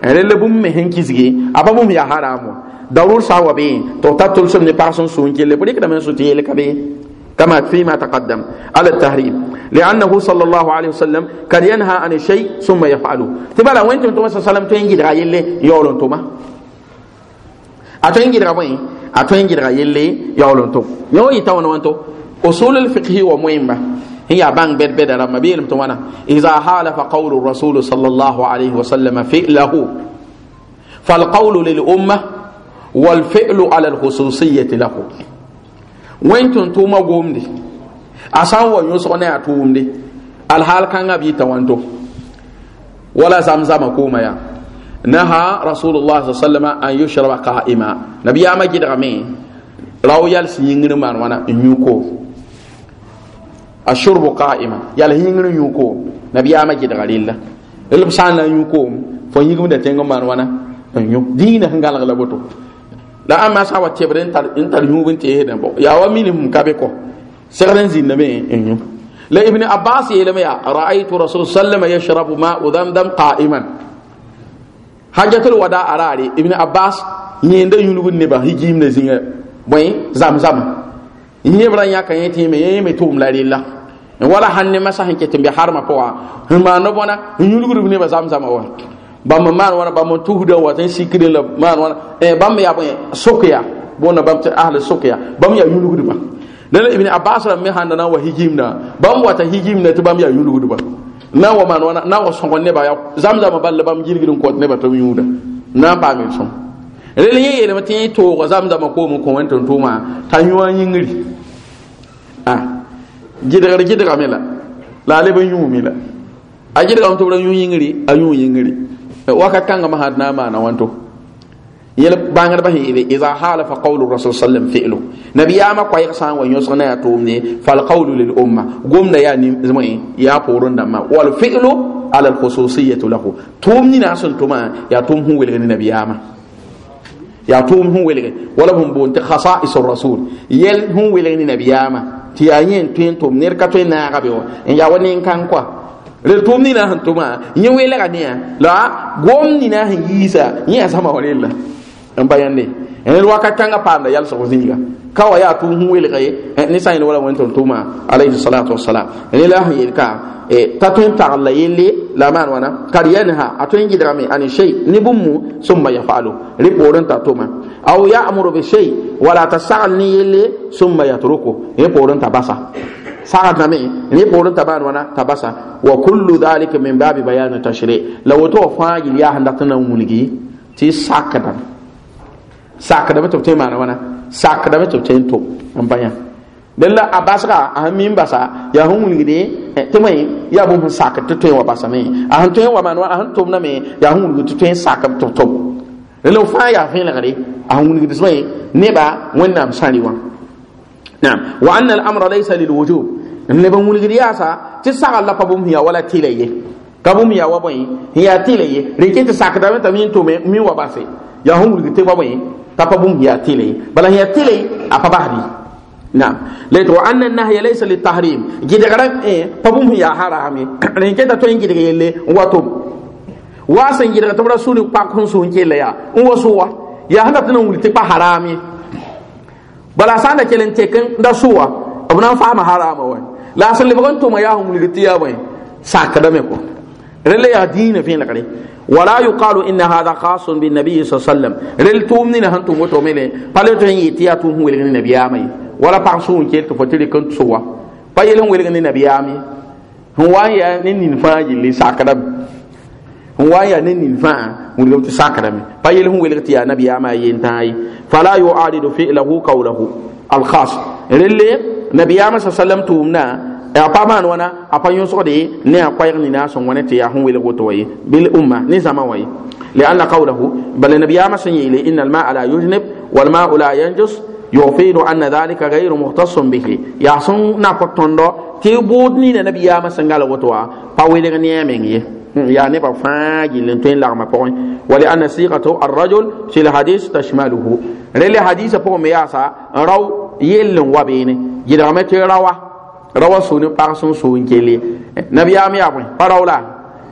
rel bũmb me sẽn kisge a pa bũmb yaa haram wa darur sã n wa bee tɩ b tar tʋlsem ne pag sẽn sʋʋn kelle b rɩkdame n sũ tɩ yelka bee كما فيما تقدم على التحريم لأنه صلى الله عليه وسلم كان ينهى عن الشيء ثم يفعله تبالا وين تم صلى الله عليه وسلم تنجد غايل يولون توما أتنجد غاوين أتنجد غايل يولون توم يوي تاون وانتو أصول الفقه ومهمة هي بان بيت بد رم بيلم توانا إذا حالف قول الرسول صلى الله عليه وسلم فعله فالقول للأمة والفعل على الخصوصية له وين تنتوما قومدي أسان ويسغنا أتومدي الحال كان بي توانتو ولا زمزم كوما يا نهى رسول الله صلى الله عليه وسلم أن يشرب قائما نبي أما جدغمين راو يالس ينغر مانوانا نيوكو ashurbu qa'iman yala hingrin ko nabi ya maki daga lilla lilb san la ko fo yigum da tengo man wana yuk dina hangal gala boto la amma sa wa tebren tar intar yubin te hedan bo ya wa minim kabe ko sirran zin me yuk la ibn abbas ya lama ya ra'aytu rasul sallama yashrabu ma'u damdam qa'iman hajjatul wada arare ibn abbas yende yulubun ne ba hijim ne zinga boy zam zam yebra yaka yete me yeme tum la lillah wala han ne masa han ketembe harma ko ma no bona nyuluguru ne ba won ba ma man wana bam tuhuda wa tan sikire la man wona e eh, bam ya sokya bona bam ta ahli sokya bam ya yuluguru ba lele ibn abbas ram me handana wa hijimna bam wata hijimna to bam ya yuluguru ba na wa man wona na wa songo ne ba ya zamzama balle bam jilgirin ko ne ba to nyuda na ba mi son lele ye yele matin to zamzama ko mu ko to ma ta nyuwa yingiri ah gidgr jidaga mila la a leb n yũume a gɩdgame tɩ b ra yũ yingiri a yũ yingiri wa ka kanga ma hadna ma na wãnto yel bãngdbã sẽele ida halafa qawlu rasul sallam fi'lu nabiya ma sã n wa yõsg na yaa tʋʋmde qawlu lil umma ya ni zmai ya yaa da ma wal fi'lu ala al alkhususiyatu lahu tʋʋm nina sẽn tʋma yaa tʋʋm sẽn welg ne nabiyaamã yaa tʋʋm sẽn welge wala b sẽn boond tɩ khasa'is rasul yel hu sẽn ni nabiya ma tɩ yaa yẽ n tõe n tʋm ned na tõe n naaga be wã n yaa wa nen-kãng koa rel tʋʋm nina sẽn tʋma yẽ ne la gom nina sẽn yiisa yẽ a zãma wa en wakat kanga panda yal so zinga kawa ya tu hu wele gaye ni sayin wala won ton tuma alayhi salatu wassalam ni la hi ka e tatun ta la yele la man wana kar yanha atun gidrami ani shay ni bummu summa yafalu riporan ta tuma aw ya'muru bi shay wala tasal ni yele summa yatruku riporan ta basa sagat nami ni porin taban wana tabasa wa kullu dhalika min babi bayan tashri law to fa gil ya handa tanan mulgi ti sakatan sakdame tɩ b tɩ y wãna sakdame tɩ b tɩ n tʋm n la abasra an min basa ya sẽn mim basa yaa sẽn wilgde tɩ me yaa bũmb sẽn sakd tɩ tõe to wa basame a sẽn to na wa ya a sẽn tʋmdame yaa sẽn to tɩ tõe fa ya tɩ la tʋm dẽnla b fãa yaa vẽlgre a sẽn wilgdsme neba wẽnnaam wã na'am wa anna al amra laysa lil wujub neb n wilgd yaasa tɩ sa la pa bũmb sẽn ya wala tɩla ye ka bũmb yaa wa bõe sẽn yaa tɩla ti rẽk tɩ sakdame tame n tʋme mi wa base yaa sẽn wilg ba wa bõe ta pa bum ya tele bala ya tele a pa na le to anna nahya laysa lit tahrim gidagara eh pa bum ya harami ne keta ta to yin gidaga yelle wato wasan gidaga to rasuli pa kun su ingi la ya in wasu wa ya hada tan te pa harami bala sanda kelen kan da suwa fa fahama harama wa la san libagon to ma ya hu wulti ya bai sakada me ko رل يا دين فين لقري ولا يقال ان هذا خاص بالنبي صلى الله عليه وسلم رل تومني نهن تو موتو ميلي بالو تن يتي اتو هو لغن النبي امي ولا بانسون كيل تو فتري كنت سوا بايلن ولغن النبي امي هو يا نين فاجي لي ساكرم هو يا نين فا ولغن تو ساكرم بايلن هو لغتي يا نبي اما ينتاي فلا يعارض فعله قوله الخاص رل نبي امي صلى الله عليه وسلم تومنا a pa maan wana a pa yõsgd ne a koɛɛg nina sẽn wa ne tɩ yaa sẽn welg woto wa ye bɩl umma ne zãma wã ye lianna qaulahu bala nabiyaamã sẽn yɩɩle inna lma ala yusnib walma ola yanjus yʋgfiidu anna dhalika gairu muxtasum bihi yaa sẽn na kõ tõndɔ tɩ bʋʋd nina nabiyaamã sẽn gal woto wa pa welg hmm, ne a meng ye yaa neba fãa gill n tõe n lagma pʋgẽ walianna sigatu arrajul fi lhadis tashmaluhu rẽ le hadiisã pʋgẽ me yaasa n rao yell n wa beene yɩdgame tɩ rawa rawa so soni pag sẽn soon kele nabiyaam yaa bõe pa rao la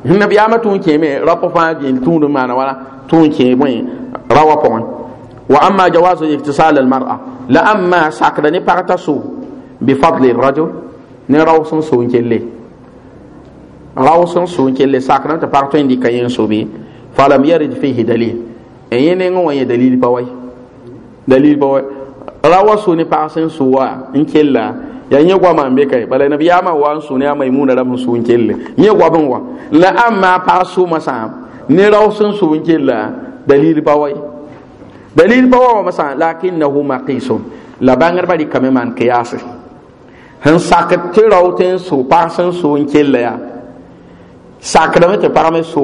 nabiyaamã tʋʋn me ra pa fãa dẽel tũudum maana wala tʋʋn kẽe bõe rawa pʋgẽ wa amma jawazu ictisal almar'a la amma sakda ne pag t'a so bifadli rajul ne rao sẽn soon kelle rao sẽn soon kelle sakdame tɩ pag tõe n dɩka yen sobe falam yarid fihi dalil n yẽ nengẽ wã yẽ dalil pa way dalil pa way rawa soni pag sẽn so wa n kella ya nye gwa ma mbe kai balai nabi ya ma wa sun ya maimuna ram sun kelle nye gwa ban wa la amma pa su masa ne raw sun sun kella dalil bawai dalil bawa masa lakinnahu maqisun la bangar bari kame man qiyas han sakat rawten su pa sun sun kella ya sakadame te parame su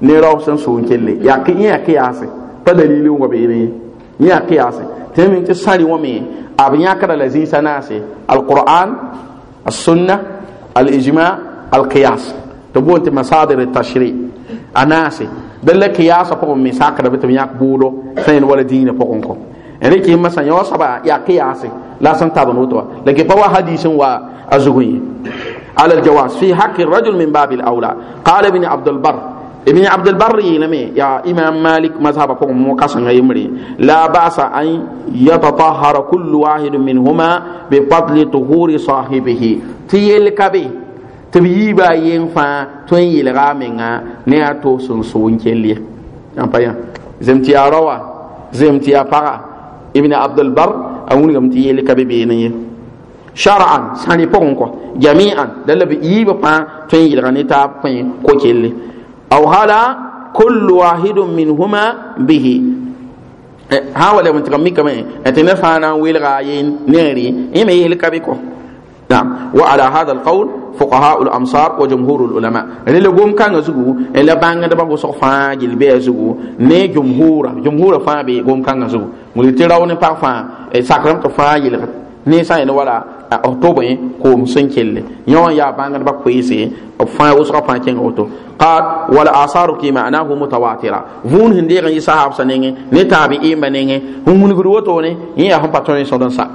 ne raw sun sun kelle ya kin ya qiyas pa dalilin wa be ne ya qiyas temin ti sari wa me b yãkda la zĩisã naase alquran alsunna alijma alqiyas tɩ boon tɩ masadir tashri a naase dẽn la qiyaasã pʋgẽ me sakdame tɩ b yãk buudo sẽn yen wala diinã pʋgẽ kɔ rẽ masã yã wa soaba yaa qiyaase la sẽn tabn woto wa la kɩ pa wa hadis n wa a zugẽ ye ala fi haqi rajul min babi aula qala ibn abdulbar ibn abd albar yelme ya imam malik mazhaba ko mo kasan yimri la ba'sa an yatatahhara kullu wahid minhuma bi fadli tuhuri sahibihi tiyel kabe tabiyiba yen fa ton yelga menga ne ato sun sun kelli ampaya zemti ya rawa zemti ya para ibn abd albar awun gam tiyel kabe be ne shar'an sani pokon ko ne ta أو هلا كل واحد منهما به إيه، ها ولا من تكمي كمان أتنا فانا غاين نيري إما يهل كبيكو نعم وعلى هذا القول فقهاء الأمصار وجمهور العلماء اللي لقوم كان زوجو إلا بانغ دبا بوسق فاج البيع زوجو ني جمهور جمهور بي قوم كان زوجو ملتي راون فا فا إيه، سكرم تفاج ني ساين ولا a octobre ko sun kille yawan ya bangar ba ko yise fa usra fa kin auto qad wal asaru ki ma'anahu mutawatira vun hinde ga yi sahab sanenge ne tabi imanenge hun mun guru wato ne yin ya han patoni sodan sa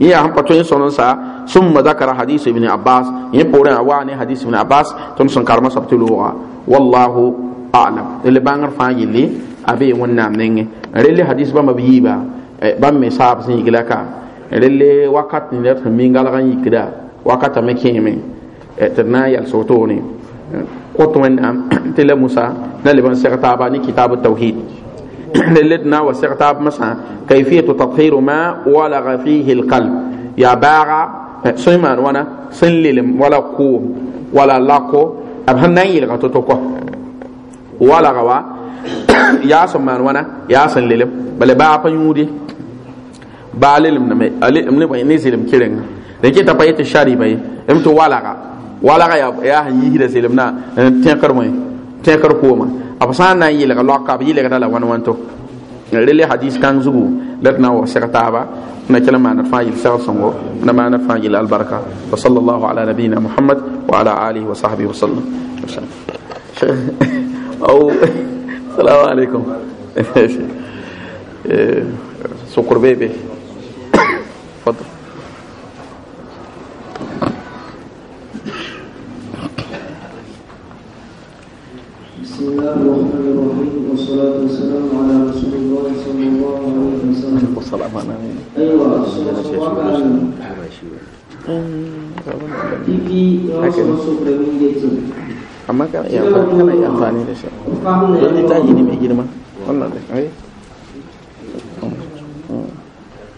yin ya han patoni sodan sa summa zakara hadith ibn abbas yin pore awani hadith ibn abbas tun sun karma sabtulu wallahu a'lam le bangar fa yili abe wannan nenge rele hadith ba mabiyiba eh, ban me sahab sin igilaka rele wakati ne fa min galaga yikda wakata me keme etna yal sotoni ko to en am tele musa na le ban sekta ba ni kitab tauhid rele na wa sekta ba masa kayfiyatu tatheeru ma wala fihi alqalb ya baga soyman wana sen lilim wala ko wala lako abhan nan yilga to to ko wala gawa ya soman wana ya sen lilim bale ba pa yudi ba lelm name alem ne ne selim kirenga den ke ta payete shari bay em to walaga walaga ya ya yi da selim na tenkar mai tenkar ko ma abasan na yi laga lokka bi laga dala wan wanto rele hadis kan zugu latna wa sekataba na kala mana fa yi sa songo na mana fa yi albarka wa sallallahu ala nabina muhammad wa ala alihi wa sahbihi wa sallam او السلام عليكم سكر بيبي فضل Bismillahirrahmanirrahim. Wassalatu wassalamu ala Rasulillah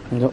Ayo,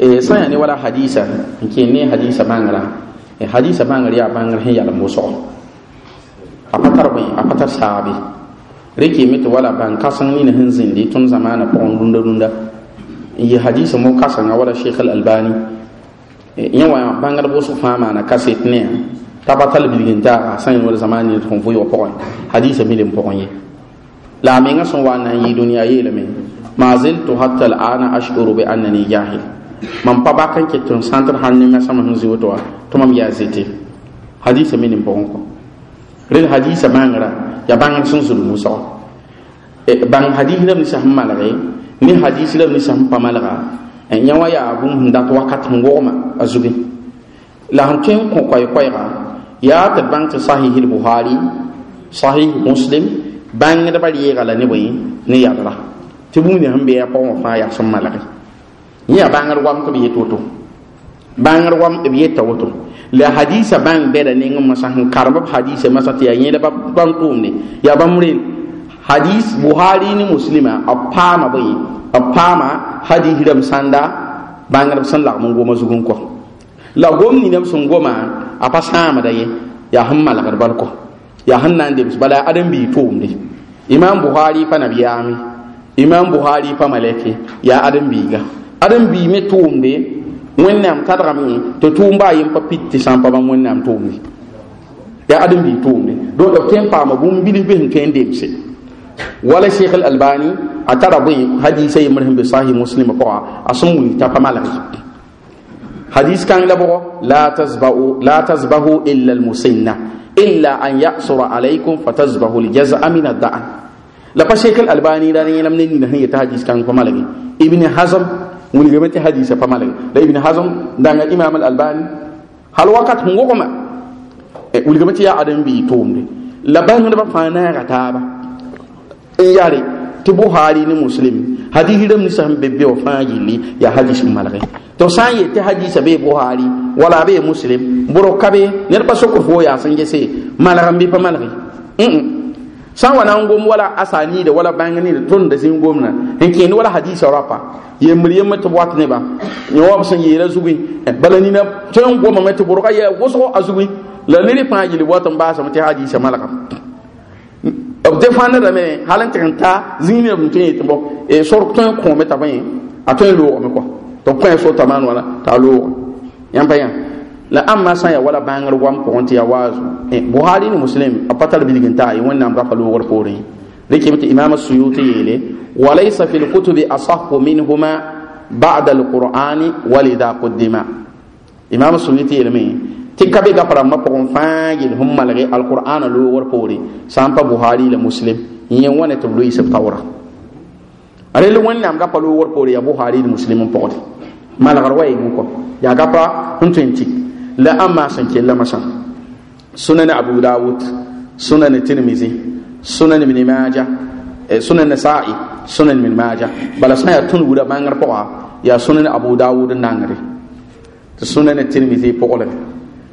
sã yaa ne wala hadisa n kẽer ne hadisa bãngrã hadisa bãngr yaa bãngr sẽn yalem wʋsg a pa tar bõe a pa tar saabe rẽkeeme tɩ wala bãn-kãseng nin sẽn zĩndi tõnd zamaanã pʋgẽ rũndã rũndã n yɩ hadisa mo-kãsengã wala sheikh al-albani yẽ wa bãngr wʋsg fãa maana kaset ne t'a pa tar bilg n taaga sã yen wala zãmaan nin tɩ n vʋɩg pʋgẽ hadisa mil n pʋgẽ ye la a mengã sẽn wa n na n yɩ dũniyã yeelame ma zeltu hatta al-ana ashkuru bi annani jahil mam pa ba kan ke santar hannu na sama hun zuwa towa to mam ya zete hadisa mini in bonko ril hadisa bangara ya bangan sun zuru musa e bang hadisi da misa hun malare ni hadisi da misa hun pamalara en yawa ya abun hun da wakat hun goma azubi la han tun ko kwai ya ta bang ta sahih buhari sahih muslim bang da bari ya gala ne boyi ni ya dara tibuni han ya pa fa ya sun malare ya bangar wam ko biye toto bangar wam e biye tawoto la hadisa bang da ne ngam masahan karba hadisa masati ya ban bam tumne ya bamrin hadis buhari ni muslima apama boy apama hadis hiram sanda bangar san la mun goma zugun ko la gomni nam sun goma apa sama da ye ya hamma la garbar ko ya hannan de bala adam bi tumne imam buhari fa nabiyami imam buhari fa malaki ya adam ga. adam bi me tʋʋmde wẽnnaam tadgame tɩ tʋʋmba tumba yim pa pitti tɩ pa bãmb wẽnnaam tumbe ya adam bi tumbe do b ken pa ma bum bi bes n tõe n wala sheikh al albani a tara bõe hadiisã yembr sẽn sahih muslim pʋga asmu t'a pa mala hadis kan la bo la tasbahu illa musinna illa an yasura alaykum fatazbahu jaz'a min adda'n la pa sheikh al albani dani ne yẽlame ni nina sẽn yeta hadis kãng pa ibn hazm wilgame tɩ hadisa pa malge la ibn hazm danga imam al albani hal wakat e wʋgma wilgame tɩ yaa adam bɩ y tʋʋmde la bãngdbã fãa naaga taaba n e, yare tɩ buhari ne muslim hadisi rãmb ni sẽn be be wã fãa ya yaa hadis n malge tɩ f sã n tɩ hadisa bee buhari wala be bee muslim bʋrg kabe ne ned pa fo yaa sẽn gese malg n bɩ pa malge san wa nan gom wala asani da wala bangani da tun da zin gomna in kin wala hadisi rafa ye mriye mata wat ne ba eh, ni wa san yela zubi balani na tun goma mata burka ya wasu azubi la ne ni paji li watan ba sa mata hadisi malaka ab de fana da me halan ta zin ne mutun yi tambo e sor tun ko mata bayin a tun lo ko to ko so taman wala ta lo yan bayan la amma san ya wala bangar wam ko onti ya wazu buhari ni muslim apatal bidigin ta yi wannan rafa lowar pore rike mata imam suyuti yele walaysa fil kutubi asahhu minhuma ba'da alqur'ani walidha quddima imam suyuti yele me tikabe ga paramma pokon fangil hummalge alqur'ana lowar pore sampa buhari la muslim yin wani tablo isab tawra arel wannan ga palo war pore ya buhari muslimin pokon malagar waye ko ya gapa huntun tik la an maa ke kella masã sunan abu dawud sunan tirmizi sunan ibn maja eh, sunan nasa'i sunan ibn majah bala sã ya tũnd wuda bãngr pʋga ya sunan abu dawud n nangre tɩ sunan tirmizi pokole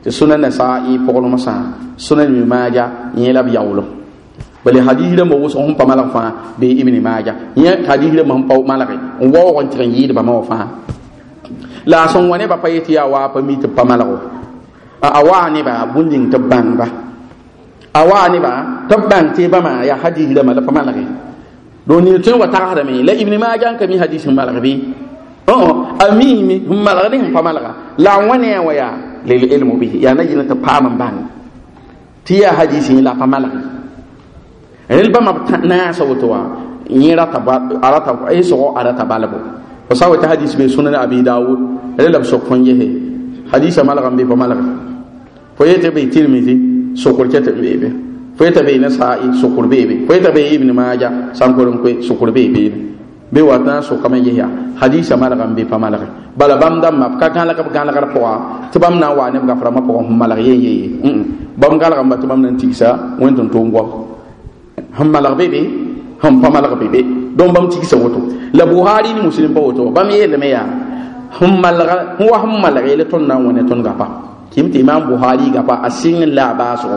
to sunan nasa'i masa sunan ibn majah yin la b yaoolem bale hadis rãmba wʋsg sẽn pa malg ibn majah yin hadith da sẽn pa malge n waoog n tɩg da yɩɩdbãma wã la son wane ba fa yetɩ yaa waa pa mi tɩ pa malgo a waa nebã bũn-ning tɩ b ba a waa ba tɩ b bãng teebã maa yaa hadiis da la pa malge don ni tun wa wa tagsdame la ibn majan ka mi hadiis sẽn malg bɩ a miime sẽn malg ne sẽn pa la wane wa ne a ilmu bi ya naji bɩ yaa na ta tɩ paam n bãng tɩ yaa hadiis la pa malge rel na b naasa woto wa yẽ rata a rata ay e so arata balabo fo sa wata hadis be sunan abi dawud ele la sok fon yehe hadisa malgam be pamalga fo yete be tirmizi sokor kete bebe fo yete be nasa'i sokor bebe fo yete be ibn majah sankoron ko sokor bebe be wata so kama yehe hadisa malgam be pamalga bala bam dam map ka kan la ka kan la ka poa to bam na wa ne ga frama ko malga ye ye bam gal gam ba to bam nan tiksa won ton to ngwa ham malga bebe ham pamalga bebe don bam tigi sa woto la buhari ni muslim pa woto bam yele me ya hum malga huwa hum malga ile ton nan wona ton gafa kim ti imam buhari gafa asin la baso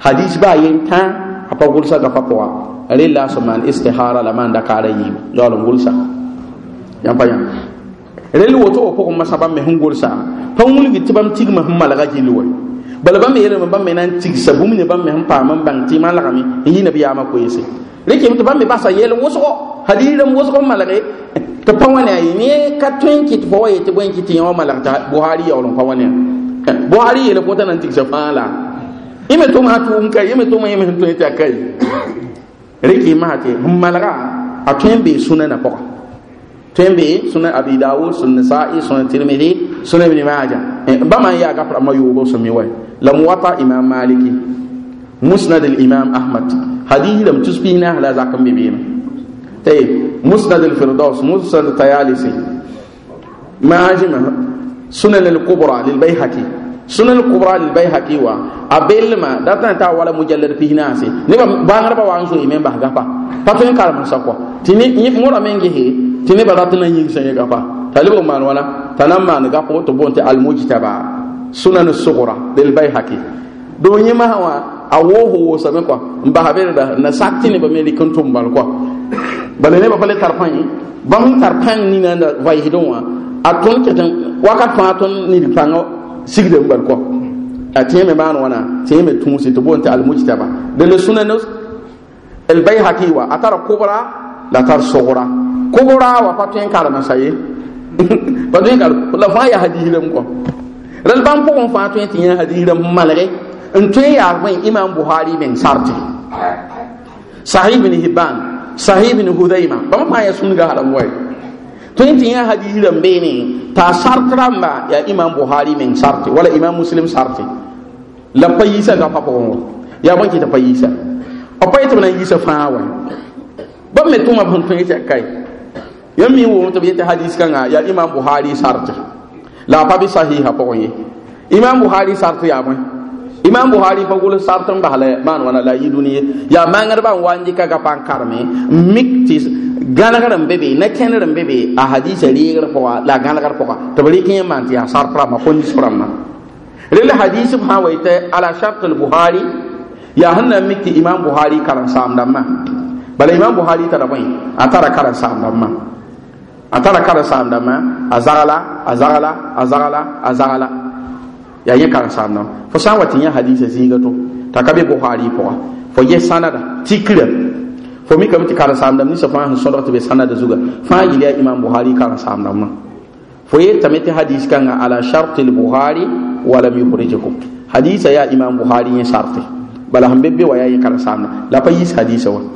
hadis ba yin ta apa gulsa gafa kwa re suman istihara la man da kare yi dolon gulsa yan fanya yan rel woto ko kuma saban me hungulsa pa mulgi tibam tigma hum ji jilwa bala bãmb yeelame bãmb me na n tigsa bũmb ne bãmb me sẽn paam n bãng tɩ y malgame ma koyi e nabiyaamã koeese rẽkem tɩ bãmb me basã yɛl wʋsgɔ hadiis rãmb wʋsg n malge tɩ pa ne ka tõe n kɩt pa ki ye tɩ bõe ta wa malg tɩ buhari ya n pa a eh, buhari yeele pʋta na n sa fala ime to ma tʋma a kai ime to ma tʋma yẽ me kai rike ma a ka ye rẽkɩɩmã a tõe n bee sũna na pʋga tõe n be sõna abi daud sõn nisa'i sõn suna sõn ibn maja eh, bãmb n yaa gafra mayu yoobo sõmi wa لموطا إمام مالك مسند الإمام أحمد حديث لم تسبينا لا زاكم ببين طيب مسند الفردوس مسند الطيالسي معاجمة سنن الكبرى للبيهقي sunan kubra lil bayhaqi wa abelma datan ta wala mujallad fi nasi ne ba ngarba wa anzo imen ba gapa patin kalman sakwa tini ni mura mengi he tini ba datan yin sanye gapa talibu man wala gapo to bonte al mujtaba sunan sugura del bayhaqi do nyima hawa awo ho wo me kwa mbahabere da na sakti ne ba meli kuntum bal kwa Ba ne ba pale yi. ba mun tarfan ni na da vai hidon wa atun ketan wakat fa tun ni di pango sigde bal kwa atiyeme ban wana tun tumusi to ta al mujtaba le sunan el bayhaqi wa atara kubra la tar sugra kubra wa patin kalma sai ba din kal la fa ya hadihi lam kwa rel bãmb pʋgẽ fãa tõe tɩ yãsa dĩinã malge n tõe n yaa bõe imam buhari meng sarte sahib ibn hibban sahib ibn hudaima bãmb fãa yaa sũnga rãmb wa tõe tɩ yãsa dĩinã n beene t'a sart rãmba yaa imam buhari meng sarte wala imam muslim sarte la pa yiisa ga pa pʋgẽ wa yaa bõe tɩ t'a pa yiisa a pa yetɩ b na n yiisa fãa wa bãmb me tʋma bõn tõe tɩ kae yãmb mi n wʋm tɩ b yetɩ hadis kãngã yaa imam buhari sarte la pa bi sahiha pʋgẽ ye imam buhari sart yaamẽ imam buhari pa gʋl sart n basl maan wãna la yi dũni ye yaa maangdbã n wa n dɩkaga pa n karme n mik tɩ gãlgr n be be nakẽnr n a hadiisa reegr pʋga la a gãlgr pʋga tɩ b rɩk yẽ maan tɩ ma. sart rãmbã fo nins rãmbã rel hadiis b sã n ala shart lbuhari yaa sẽn na n mik tɩ imam buhari karen-saam dãmbã bala imam buhari tara bõe a tara karen-saam dãmbã a tara karen-sãamdãmã azala zagla a zagla a zagla a zagla yaa yẽ karen-sãamdãmã fo sã n wa tɩ yẽ hadiisa to t'a ka be buhaari fo yɛ sãnada tikra fo mikame tɩ karen-sãamdãmb ninsã fãa sẽn sõdg be sãnada zuga fãa ya yaa imam buhaari karen-sãamdãmbã fo yeetame tɩ hadis kãngã ala sharti lbuhaari walam yuhrijkum hadisa ya imam buhari yẽ sarte bala sẽn be be wa yaa ye la pa yiis hadiisa wa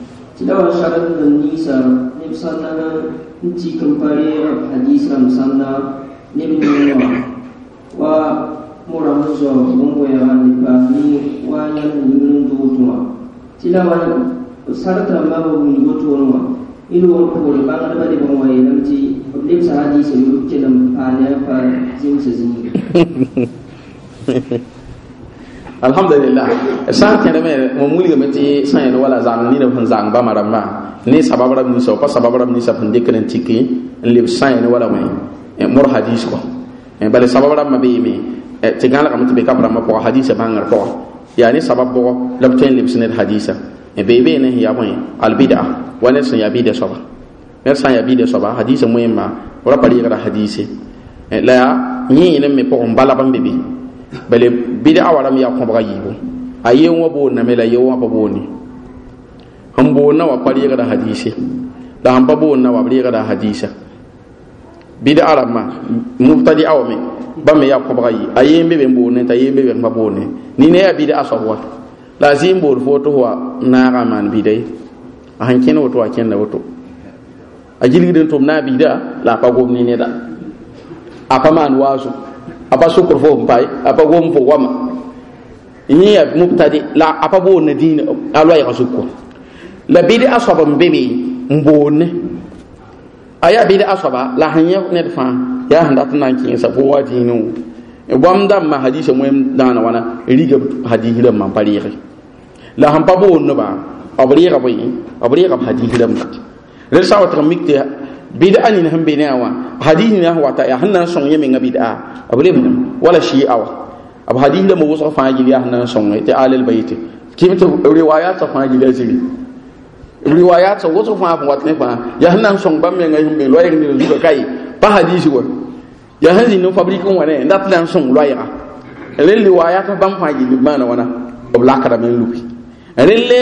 伊拉说：“沙伦的尼萨尼布桑娜尼基坎帕里尔的哈迪斯兰桑娜尼布尼瓦瓦莫拉霍乔龙波雅曼尼瓦亚尼鲁杜乌托瓦。”伊拉说：“萨拉塔马布乌尼沃托乌瓦伊鲁奥库波尼巴格巴蒂彭瓦伊兰基布尼萨哈迪西乌切兰阿尼亚法辛塞辛尼。” alhamdulillah san kene me mo muli me ti san wala zan ni ne fun zan ba maramba ne sabab ram ni so pa sabab ram ni sa fun dikren tiki le san wala me mur hadis ko bale sabab ram be me ti gala kam ti be kabra ma ko hadis ba ngar ko yani sabab bo labten le sunet hadisa e be be ne ya mo al bid'a wa ne san ya bid'a so ba ne san ya bid'a so ba hadisa mo ma wala pali ga hadisi la ya ni ne me ko mbala bambe be bale bid'a wa ram ya ko ba yibo aye wa bo na mela ye wa bo ni han bo na wa pali ga da hadisi da han bo na wa pali ga da hadisa bid'a rama mubtadi aw me ba me ya ko ba yi aye me be mbo ne ta ye me be bo ne ni ne ya bid'a so wa lazim bo foto wa na ga bidai a hankin wato a ken na wato a jilgidin tom na bida la pa gomni ne da a pa man wazo apa sukr fo n pai apa wom fo wama yẽ ya mubtadi la a pa boond ne dĩin a loɛɛgã zuku la bɩd a soab n be be n boonne a yaa bɩd a soaba la sẽn yẽ ned fãa yaa sẽn dat n na n kẽesa pʋgẽ wa dĩinẽ wã bõmb dãmbã hadiisã wẽm dãana wãna riga hadiis rãmbã n pa rɩɩge la sẽn pa boond nebã b rɩɩga bõe b rɩɩga b hadiis rãmba rel sã n wa tɩg mik tɩ bid'a ni nan be ne awa hadith ni awa ta ya hanna son yemi da abule mun wala shi awa ab hadith da mu wasu fa gili ya hanna son ta alal bayt kim to riwayat ta fa gili ziri riwaya ta wasu fa fa watne fa ya hanna son ban me ngai be loyer ni zuka kai ba hadisi wa ya hanzi no fabrikun wa ne ndat lan son le riwaya ta ban fa gili na wana ob kada men lupi rẽlle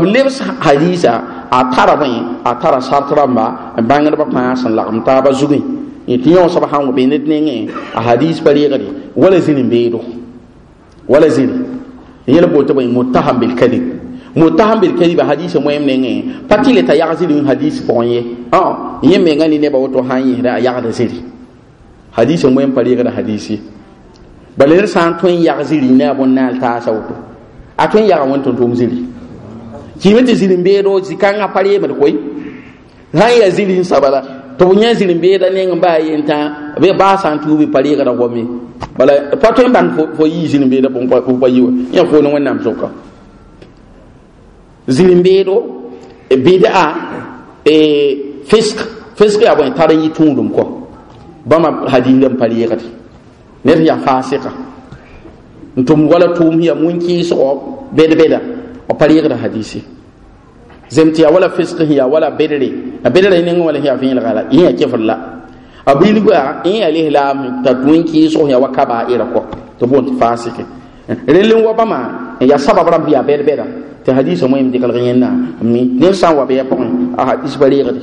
b lebs hadiisa a tara bõe a tara sart rãmba n bãngdbã pãã sẽn lagem taaba zugẽ tɩ yõosb sãn wa be ned nengẽ a hadiis pa reegre wala zĩr n beedo wala zĩr yẽl boto bõe mutaham bilkadib mutaham bilkadib a hadiisã moɛɛm nengẽ pa tɩ le t'a yag zĩr wẽ hadiis pʋgẽ ye yẽ menga ne nebã woto sãn yẽsda a yagda zĩri hadiisã moɛɛm pa reegda hadiis ye bala ned sã n tõe n yag zĩr yĩne a bõn naal taasa woto a tõe n yaga wẽn-tʋm-tʋʋm ziri kɩɩme tɩ ziri n beedo zĩ-kãngã pa reemd koy sã n yaa ziri n saba la tɩ b yẽ ziri n beeda neng n baa yentã b baa sã n tuubi pa reegrã goame bala pa tõe n bãng fo yɩ ziri n beeda pa yi wa yẽ foone wẽnnaam zʋka ziri n beedo bɩd-a fisk fisk ya bon tar n yɩ tũudum kɔ bãmba hadiisdã n pa reegde ned n ya faasɩka n tʋm wala tʋʋm ya mun-kɩɩsgɔ bed-beda b pa rɩɩgda hadisi zem tɩ yaa wala fisk sẽn yaa wala bedre a bedra y nengẽ wala sẽn yaa vẽelga la yẽ yaa kefrla a bilga yẽ yaa leslaam t'a wẽn-kɩɩsg sẽn yaa wa kabaa'ɩra kɔ tɩ boond tɩ faasɩke rel n wa bãmba n yaa sabab rãmb yaa bɛd-bɛda tɩ hadiisa moyem dɩklg yẽnna mi ned sã n wa bɩ ya pʋgẽ a hadis pa rɩɩgde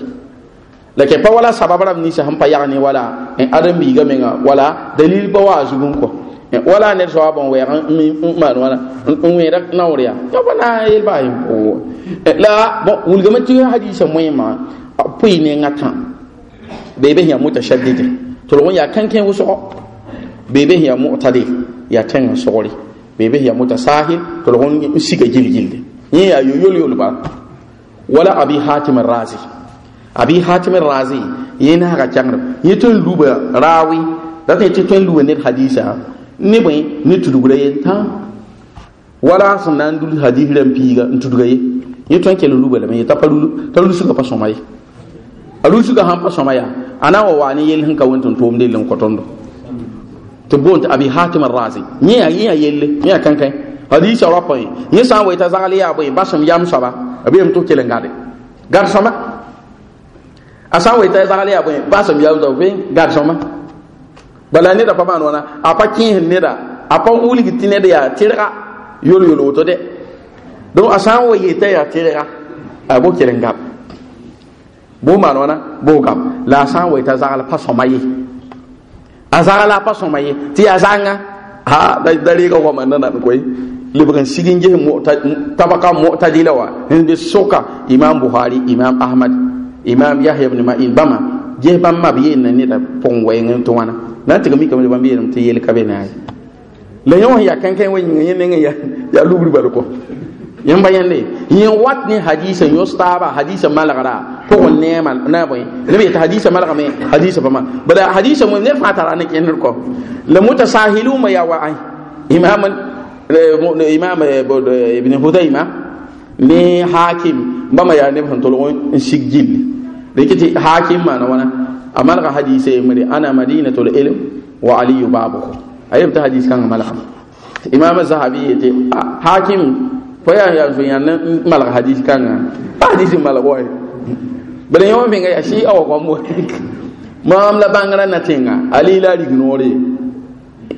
la kɛ pa wala sabab rãmb ninsã sẽn pa yagne wala ãdem-biiga menga wala dalil pa waa zugum kɔ wala ne so abon we mi man wala we rak nawriya yo bana il e, ba yim e, ko e, la bon wul gama ti hadisa yima puy ne ngata bebe ya mutashaddid to lo ya kanken wuso bebe ya mu'tadi ya ten sori bebe ya mutasahil to lo siga jiljilde ni ya yoyol yol ba wala abi hatim razi abi hatim razi yana ga changr yitun luba rawi da ta yitun luba ne hadisa ne bõe ne yin ta wala sun na n dul hadis rãmb piiga tudugura yin ye tun ke lulu kell rugã lame ye t'a lulu suka faso mai a lulu suka han faso mai ana wa wani ne yell sẽn to mun tɩ kwaton do to bon ta abi hatim arrazi yẽ ya yẽ yaa yelle yẽ yaa kãnkãe hadith ra pãe yẽ sã n wa t'a zagl yaa bõe basem yam saba abi mun to f kell n gãde gãd sõma a wa t'a zagl ya bõe basem yam soaba bai gar sama. bala neda pa ban wana apa kin neda apa uli ki tine da ya tira yolo yolo woto de don asan wo yeta ya tira a bo kire ngap bo man wana bo kam la asan wo ita zaala pa so maye azaala la pa so maye ti azanga ha da dari ko ko manana ko koy libran sigin je mo tabaka mo tadilawa hinde soka imam buhari imam ahmad imam yahya ibn ma'in bama je bamma biye nan ne da pongwe ngin to wana nanti kami kami mikame yang bãmb yeelem tɩ yel ka be naaye la yẽ wã ya kãnkẽ wa ya ya lubri yẽ meng ya ya lugri bal kɔ yẽ ba yẽnde yẽ wat ne hadiisa yõs mal hadiisa malgra pʋgẽ neema hadis yang neb hadis apa malgame hadiisa hadis yang hadiisa mo ned fãa tara ne kẽndr kɔ la mutasahiluma ya wa ãe imam imam ibn hudayma ni hakim bama ya neb sẽn tolg n sig gilli rɩkɩ tɩ hakim maana wãna amalga hadise eh, mari ana madinatul ilm wa aliyu babuhu ayem ta hadis kan malga imam zahabi yete ah, hakim poya ya zo yan malga hadis kan hadis malga wa bele yawan bin ya shi awa ko mo mam la bangara tinga ali la ignore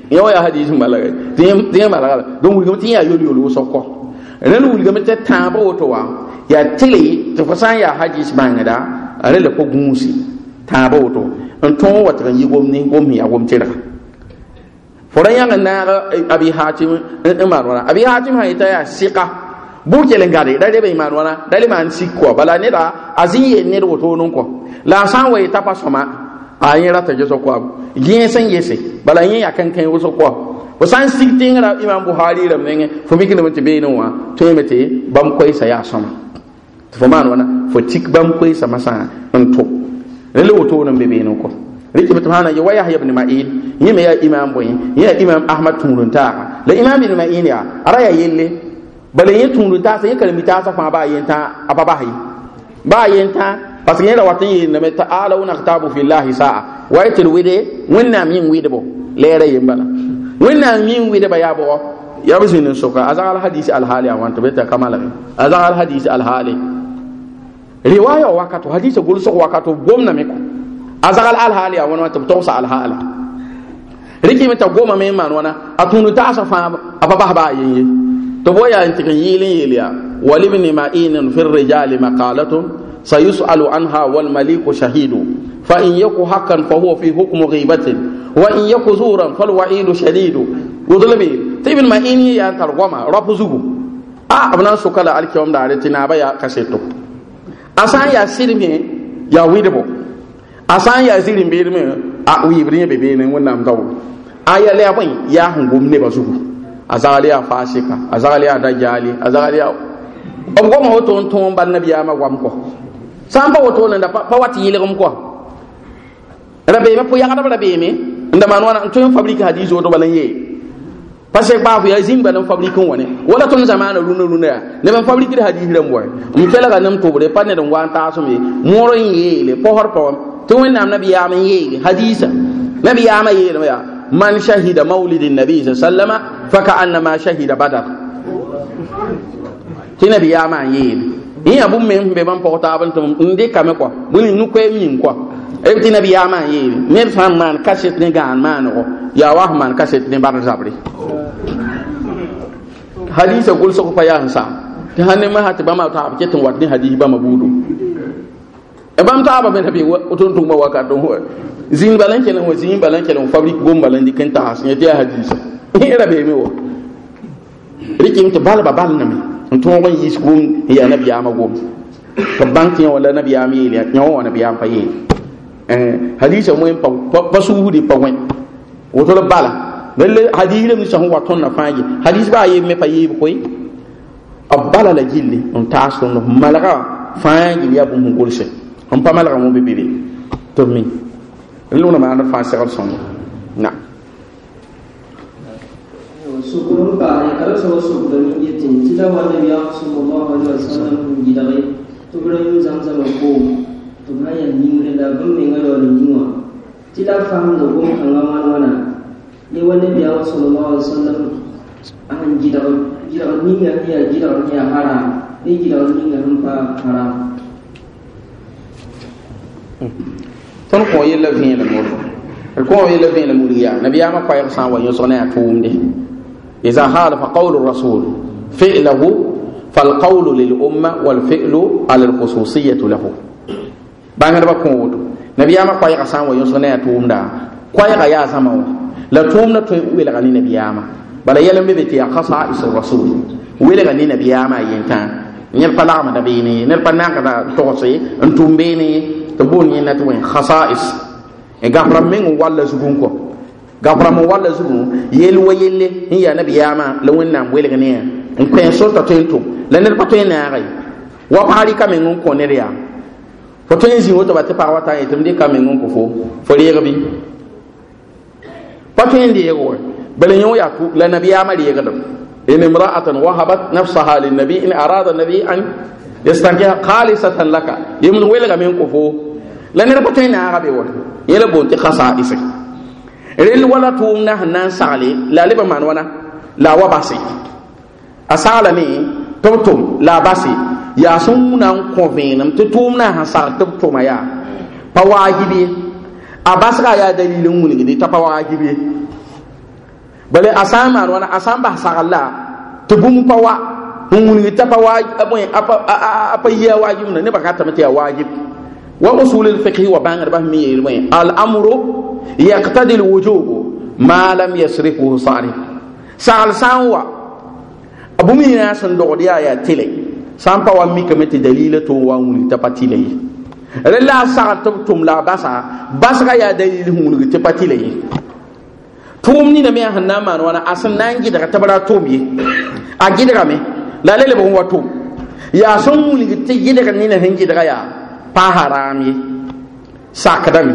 yo ya hadis malga tin tin malga don wi tin ya yoli yoli so ko ran wi ga mata tabo to wa ya tili to fasan ya hadis bangada are le ko gunsi tãabã woto n tõog wa n yɩ gomni gom sẽn gom tɩrga fo ra yãng abi hatim n eh, eh, maan wãna abi hatim sã yeta yaa sɩka kell n ra maan wãna ra le maan sik bala neda a zĩ yeel ned kɔ la a sã n wa yeta pa sõma a yẽ rata yese bala yẽ yaa fo sã n imam buhari rame nengẽ fo mikdame tɩ been wã tõeme tɩ bãmb koɛɛsa yaa sõma tɩ fo maan wãna fo tik bãmb koɛɛsa masã n tʋg rẽla wotoorẽ be beenẽ kɔ rɩkɩ b tɩ sãn na wa yahya bn ma'il yẽ me yaa imam bõe yẽ yaa imam ahmad tũudn taaga la imam bn ma'il yaa a ra yaa yelle bala yẽ tũudn taasa yẽ karemi taasã fãa baa yentã a pa basye baa yentã parce que yẽ ra wat n yeelname tɩ aala wunaktabu fillahi saa wa y tɩ d wɩde wẽnnaam yĩn wɩdbo lɛɛra yen bala wẽnnaam yĩn wɩdba yaa bʋgɔ yaa b zĩnd n soka a zag alhadis alhaali a wãn tɩ b t'a ka a zag alhadis alhaali riwaya wakato hadisa gol sok wakato gomna meko azagal al hali ya wona tab tawsa al hala riki meta goma me man wana atunu ta sa fa ababa ba yeye to boya intikin yilin yiliya wal ibn ma'in fi rijali maqalatu sayus'alu anha wal maliku shahidu fa in yaku hakan fa huwa fi hukmu ghibatin wa in yaku zuran fal wa'idu shadidu wudulmi tibin ma'in ya targoma rafu zugu a abnan sukala alkiyam da aritina baya kasetu a sã n yaa sɩdme yaa wɩdbo a san ya yaa zĩrin beedme a wɩɩbd yẽ be ne wẽnnaam ga wo a ya la bõe yaa sẽn gom nebã zugu a zagl yaa faasɩka a zagl yaa dajaale a zagl yaa b goma woto tun tõog n bal ma goam kɔ san n pa woto nenda pa wat yɩlgem kɔ ra beeme pʋ yagdb ra beeme n da maan wãna n tõe n fabrika hadiis woto bala n pa ba kpaaf yaa zimba nan fabrikin fabrik wala tun ne wala tõnd ya ne ban fabrikin neb n fabrikd hadiis kela ga nan kelga ne dan tʋbre pa ned n wa n pohor ye mõor wani yeele nabi ya tɩ wẽnnaam hadisa nabi ya hadiisa yi ya man shahida maulidin nabi sa sallama fa ka annama shahida badar tɩ nabi ya yeele yẽ yaa abun me be ban pohor ta n tun inde kame kwa bõe nu koɛɛm yĩng kɔa ebti nabi ya ma yi ned san man kaset ne man maanego ya wa man kaset ne bar zabri. hadisa gʋlsg pa yaa n sam ta hanne ma masã ba ma ta abke tun wat ne ba ma budu e taaba me ba be tʋm-tʋgmã wakat zĩig bala n kelm wa zĩig bala n ne fabrik gum bala n dɩk n tags yẽ tɩ yaa hadisa ra beeme wa bal tɩ bal balname n tõog n yis gom gum ya nabi ya ma bãng tɩ yã wala nabi ya mi ya nyawo nabi ya fa yi Hadis yon mwen pa ou, pasou yon mwen pa ou Wote lop bala Hadis yon mwen sa yon wak ton la fang Hadis ba yon mwen pa yon mwen A bala la jil li Mwen ta as ton nou, mwen malega fang Yon yon mwen mwen koulse, mwen pa malega mwen bebebe Tormi Yon yon mwen fang seral son mwen Na Soukoun mwen pa Yon soukoun mwen pa tuma ya nyimre la bum me ngalo ni nyimwa tila fam do bum anga man wana ni wani bi aw sallallahu alaihi wasallam an jida jida ni ga ya jida ni ya hara ni jida ni ga hum pa hara ton ko yella fi la mo ko yella fi la mo ya nabiya ma pa ya san wa yusona ya tumde إذا خالف قول الرسول فعله فالقول للأمة والفعل على الخصوصية له bãngdbã kõ woto nabiyaamã koɛɛgã sã n wa e yõsg ne a tʋʋmda koɛɛgã yaa zãma wã la tʋʋmdã tõe n welga ne nabiyaamã bala yɛl n be be tɩ yaa kasa'is rasul welga ne nabiyaamã a yentã ned pa lagmda beene ned pa nagda togse n tʋʋm beene tɩ boon yẽnna tɩ wẽ kasa'is gafra meng n wall zugu n kɔ gafra n wall zugu yel wa yelle n yaa nabiyaamã la wẽnnaam welg ne ã n kpẽ sor t'a tõe n tʋm la ned pa tõe n naaga ye wa paari ka meng n kõ ned yaa fo tõe n zĩ woto ba tɩ pag wa tã n yetɩ m dɩka meng n kʋ fo fo reegbi pa tõe n leeg wɛ bala yẽ yaa tʋʋk la nabiyaamã reegdem nabi امرأة وهبت نفسها للنبي إن أراد النبي أن يستنكح خالصة لك يمن ويلغ من كفو لن ربطين عربي وحي يلا بونتي خصائصك rel wala tʋʋm na sẽn na la liba lebã wãna la wabasi asala ni a saglame la basi yaa sẽn muna kõ ta tumna hasar ta tuma ya fawa gibe pa a basga ya dalilin wuni wilgde t'a pa gibe bale a samar wani a sã n bas ta gun fawa pa ta fawa abin t'a pa a pa yia waajibna nebã ratame tɩ yaa waajib wa usul lfiqhi wa bãngdbã arba me yeel bõe alamro yaqtadi lwujubu ma lam yasrifuhu sarif sagl sã abu wa bũmb yĩnã sẽn dogd ya yaa sã pa wa mi kamete dalila to wa wilg t'a pati tɩla ye sa ta a la Basa, basa ya yaa dalil ta pati tɩ pa tɩla ye tʋʋm nina me hanna ma na asan nan wãna a sẽn na n a tɩ b me ye a gɩdgame la le lebg n wa tʋʋm yaa ta wilg tɩ gɩdg na sẽn gɩdga yaa paasa raam ye sakdame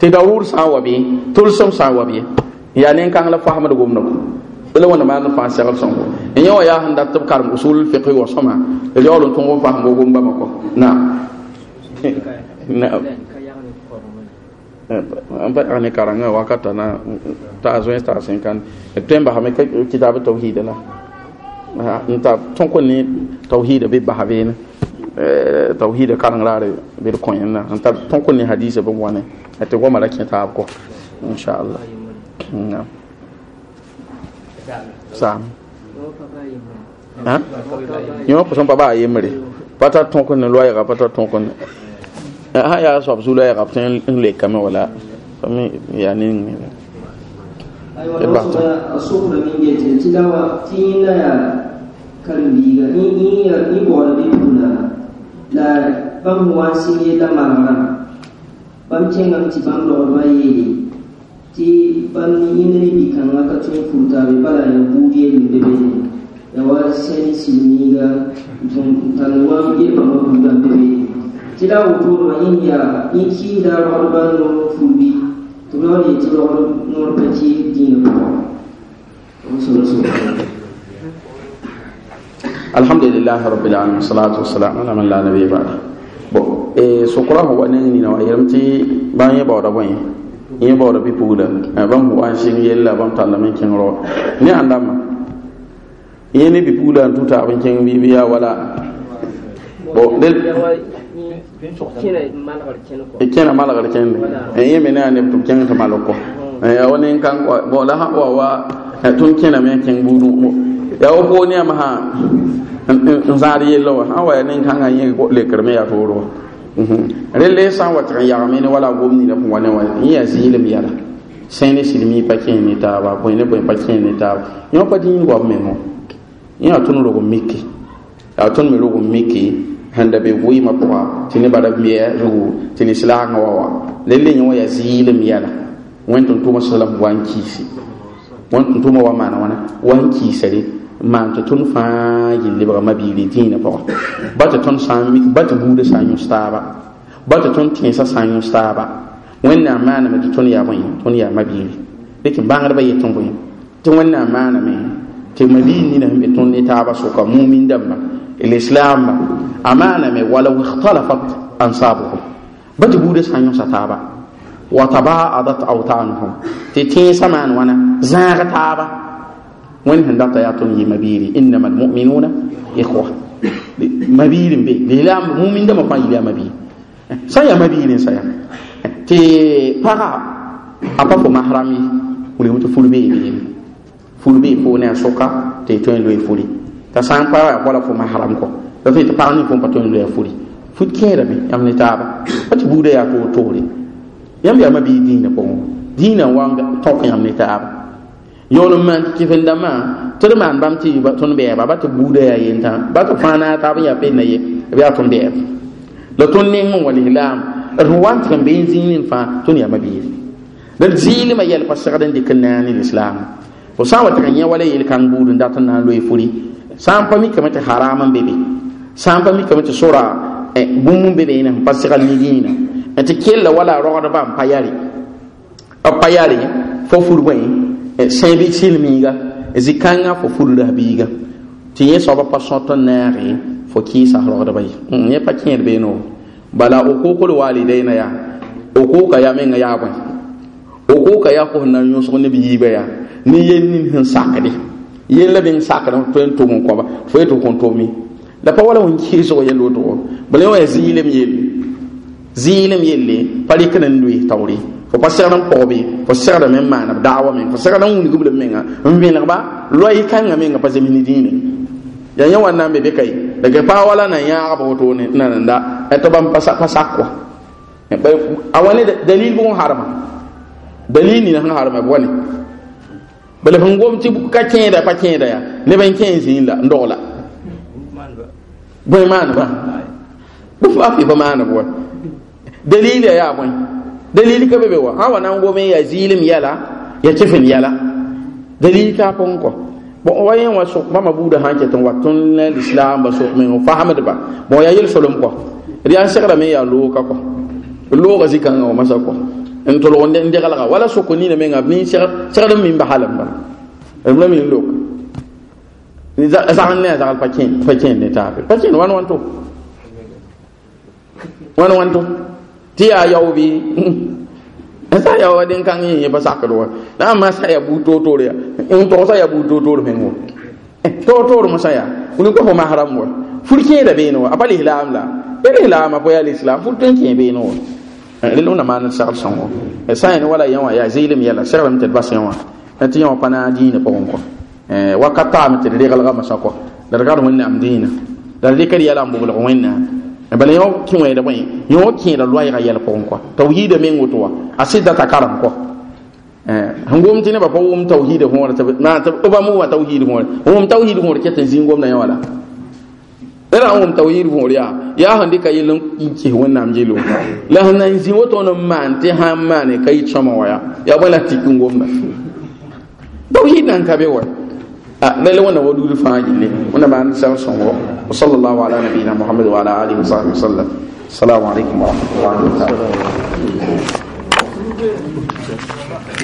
tɩ daruur sã n wa be tʋlsem sã n wa be yaa nen-kãng la ولا وانا ما نفع سيغل سنغو إن يو ياهن دات تبكار مصول الفقه وصمع اللي يقول انتم غوفا هم غوفا نعم نعم أمبر أنا كارانا وقت أنا تازوين تازين كان تيم بحمي كتاب التوحيد لا أنت تونكني توحيد ببحبين توحيد كارانا لاري بيركوين لا أنت تونكني حديث بموانا أتى غو ملاكين تاب كو إن شاء الله نعم sam yõ pa sõn pa baa yembre pa tar tõk ne loa yɛga pa tar tõk ne sã yaa soab zu loa yɛga b tõe n lekame wala me yaa ning karimbiga ni ni ya ni bora bi puna la bam wansi ye la mangana bam chenga ti bam do ba ye ti banni bi kan wakati kuta bi bala ya buge da bebe ya war sen siniga dum tanwa ge ba ba kuta bebe ti da wuto ma ya in ki da ro ban no fubi to no ni ti ro no pa ti din ko so so alhamdulillah rabbil alamin salatu wassalamu ala man la nabiyya ba bo e eh, sokora ho wani ni na wa yamti ban ye ba da ye yẽ baooda bɩ pugla eh, bãmb fu an sɩng yella bãmb tallame n kẽng rao ne ãn dãmba yẽ ne bɩ pugla n tʋ taab n kẽng bɩ yaa wala eh, kẽna malgr kẽnde eh, yẽ me ne a neb tɩ b kẽng tɩ malg kɔ ya wa nin kan bo la ha wa wa tun kena men ken budu ya wo ko ne ma ha nzari yelo ha wa nin kan an yi le kerme ya toro rele san watr yagme ne wala gomni la wane wa ni ya zilim yala sen ne silmi pa ken ni ta ba boy ne boy pa ken ni ta yo pa din go me mo ya tun ro go miki ya tun mi ro miki handa be wi ma pa tini bara mi ya ru tini sila nga wa wa lele ni wa ya zilim yala wentun tuma sallam wan kisi wentun tuma wa mana wana wan kisari maan tɩ tõnd fãa yɩl lebga mabiigre dĩinã pʋgã ba tɩ tõnd sã ba tɩ buudã sã n yõs taaba ba tɩ tõnd tẽesa sã n yõs taaba wẽnnaam maaname tɩ tõnd yaa bõe tõnd yaa mabiigre dɩk bãngdbã yetɩ bõe tɩ wẽnnaam maaname tɩ mabiig nina sẽn be tõnd ne taaba soka mumin dãmba lislaamba a maaname wala wixtalafat ansabuhum ba tɩ buudã sã n yõsa taaba wa tabaadat autaanuhum tɩ tẽesã maan wãna zãag taaba wani sẽn ta ya tõnd yɩ mabiiri innama almuminuna ihwa mabiir n be lila mumin da fãa yɩl mabiri mabiir sã n yaa mabiir n sa ya tɩ paga a pa fo masram ye wilgame tɩ ful bee beene ful bee poone a soka tɩ y tõe n t'a san para ya yaa bɔla fo masram kɔ la tõe tɩ pag ning fõ pa tõe n loa furi fut kẽedame yãmb ne taaba pa tɩ buudã yaa toor toore yãmb yaa mabiir dĩinã pʋgẽ dĩinã wanga wa n tɔk yãmb ne taaba yol man kifin da ma tir man bam ti tun ba ta buda ya yin ta ba ta fana ta ba ya pe na ye ya tun be la tun ne mun walihlam ruwan tan be zinin fa tun ya mabi da zili ma yal fasadan dikin na ni islam ko sa wata kan ya wala yil kan budun da tan na loyi furi san pa mi kamata haraman bebe san pa mi kamata eh, sura e bumun bebe ina fasadan ni dina ta kella wala roga da ba payari a payari fo furgwen sẽn bɩ silmiiga zi-kãngã e fo furda biiga tɩ yẽ e soaba pa sõ tɩ naagẽ fo kɩɩsa rogdba ye mm, yẽ pa kẽed beenewo bala o kookole waalidɛɛnã yaa o kooka yaa mengã yaa bõe o kooka yaa fof nan yõsg neb yiibã yaa ne yel nin sẽn sakde yel la beng sakdẽ fn tʋg n kõba fo ye tʋg kõn tʋʋmi la pa wala fõn kɩɩsgo yel wotgo bala yẽ wa e ya ziilem yelle ziilem yelle pa rɩk nan doe taoore fo pa segd n pʋgbe fo segda me n maana daawa meŋ fo segda n wilgb le menga n vẽlgba lɔy kãngã menga pa zemsni dĩinẽ ya yẽ wa na n be be kaye ke paa wala nan yãagb wotone nananda tɩ bãmb pa sak wa a wa ne dalil bʋg n harma dalil nina sẽn harma b wa ne bala fẽn gom tɩ ka kẽeda pa kẽeda ya neb n kẽ zĩig la n dogla bõe maaneba bf a fɩ pa maaneb wa dalil ya yaa bõe dalili ka bebe wa awa wa nan gome ya zilim yala ya tifin yala dalili ka pon ko bo wa wayen wa so ba mabuda han tun ton watun na islam ba sok men fa hamad ba bo ya yel solom ko riyan shakra me ya lo ka ko lo ga zikan o masa ko en to lo nde ndegal ga wala ko ni ne ni abni shakra min ba halam ba amna min lo ni za ne za al pakin pakin ne ta pakin wan wan to wan wan to tɩ yaa yao bɩ sa ya wa den kan yẽ pa sakd wa na ma sa ya bu to to ya n to sa ya bu to to me ngo to to mo sa ya un ko ma haram wa fur da be no apa lihlam la er eh, lihlam apa ya islam fur ke be no le lo na ma na sa son wa sa ni eh, eh, wala yan wa ya zilim yala sa ram te bas yan wa ti yan wa pana dine po ko wa katam te de gal ga masako dar gar wonna am dine dar dikari yala am bu la wonna bala yõ kẽ wẽeda bõe yõ kẽeda loɛɛga yɛl pʋgẽ kɔa tawhiida meng woto e wa a sɩda t'a karem kɔ n gom tɩ nebã pa wʋm tawhiida võore b bãmb wʋma tawhiid võore n wʋm tawhiid võore ket n zĩig gomdã yã wala d ra n wʋm tawhiid võor ya yaa sẽn dɩka yell n kɩs wẽnnaam jelo la na n zĩ woto n maan tɩ sã n maane ka yɩ sõma wa yaa yaa bõe la tɩk n ka be wa rel ah, wẽnna wa duud fãa gille wẽnna maan sab sõngo وصلى الله على نبينا محمد وعلى آله وصحبه وسلم السلام عليكم ورحمة الله وبركاته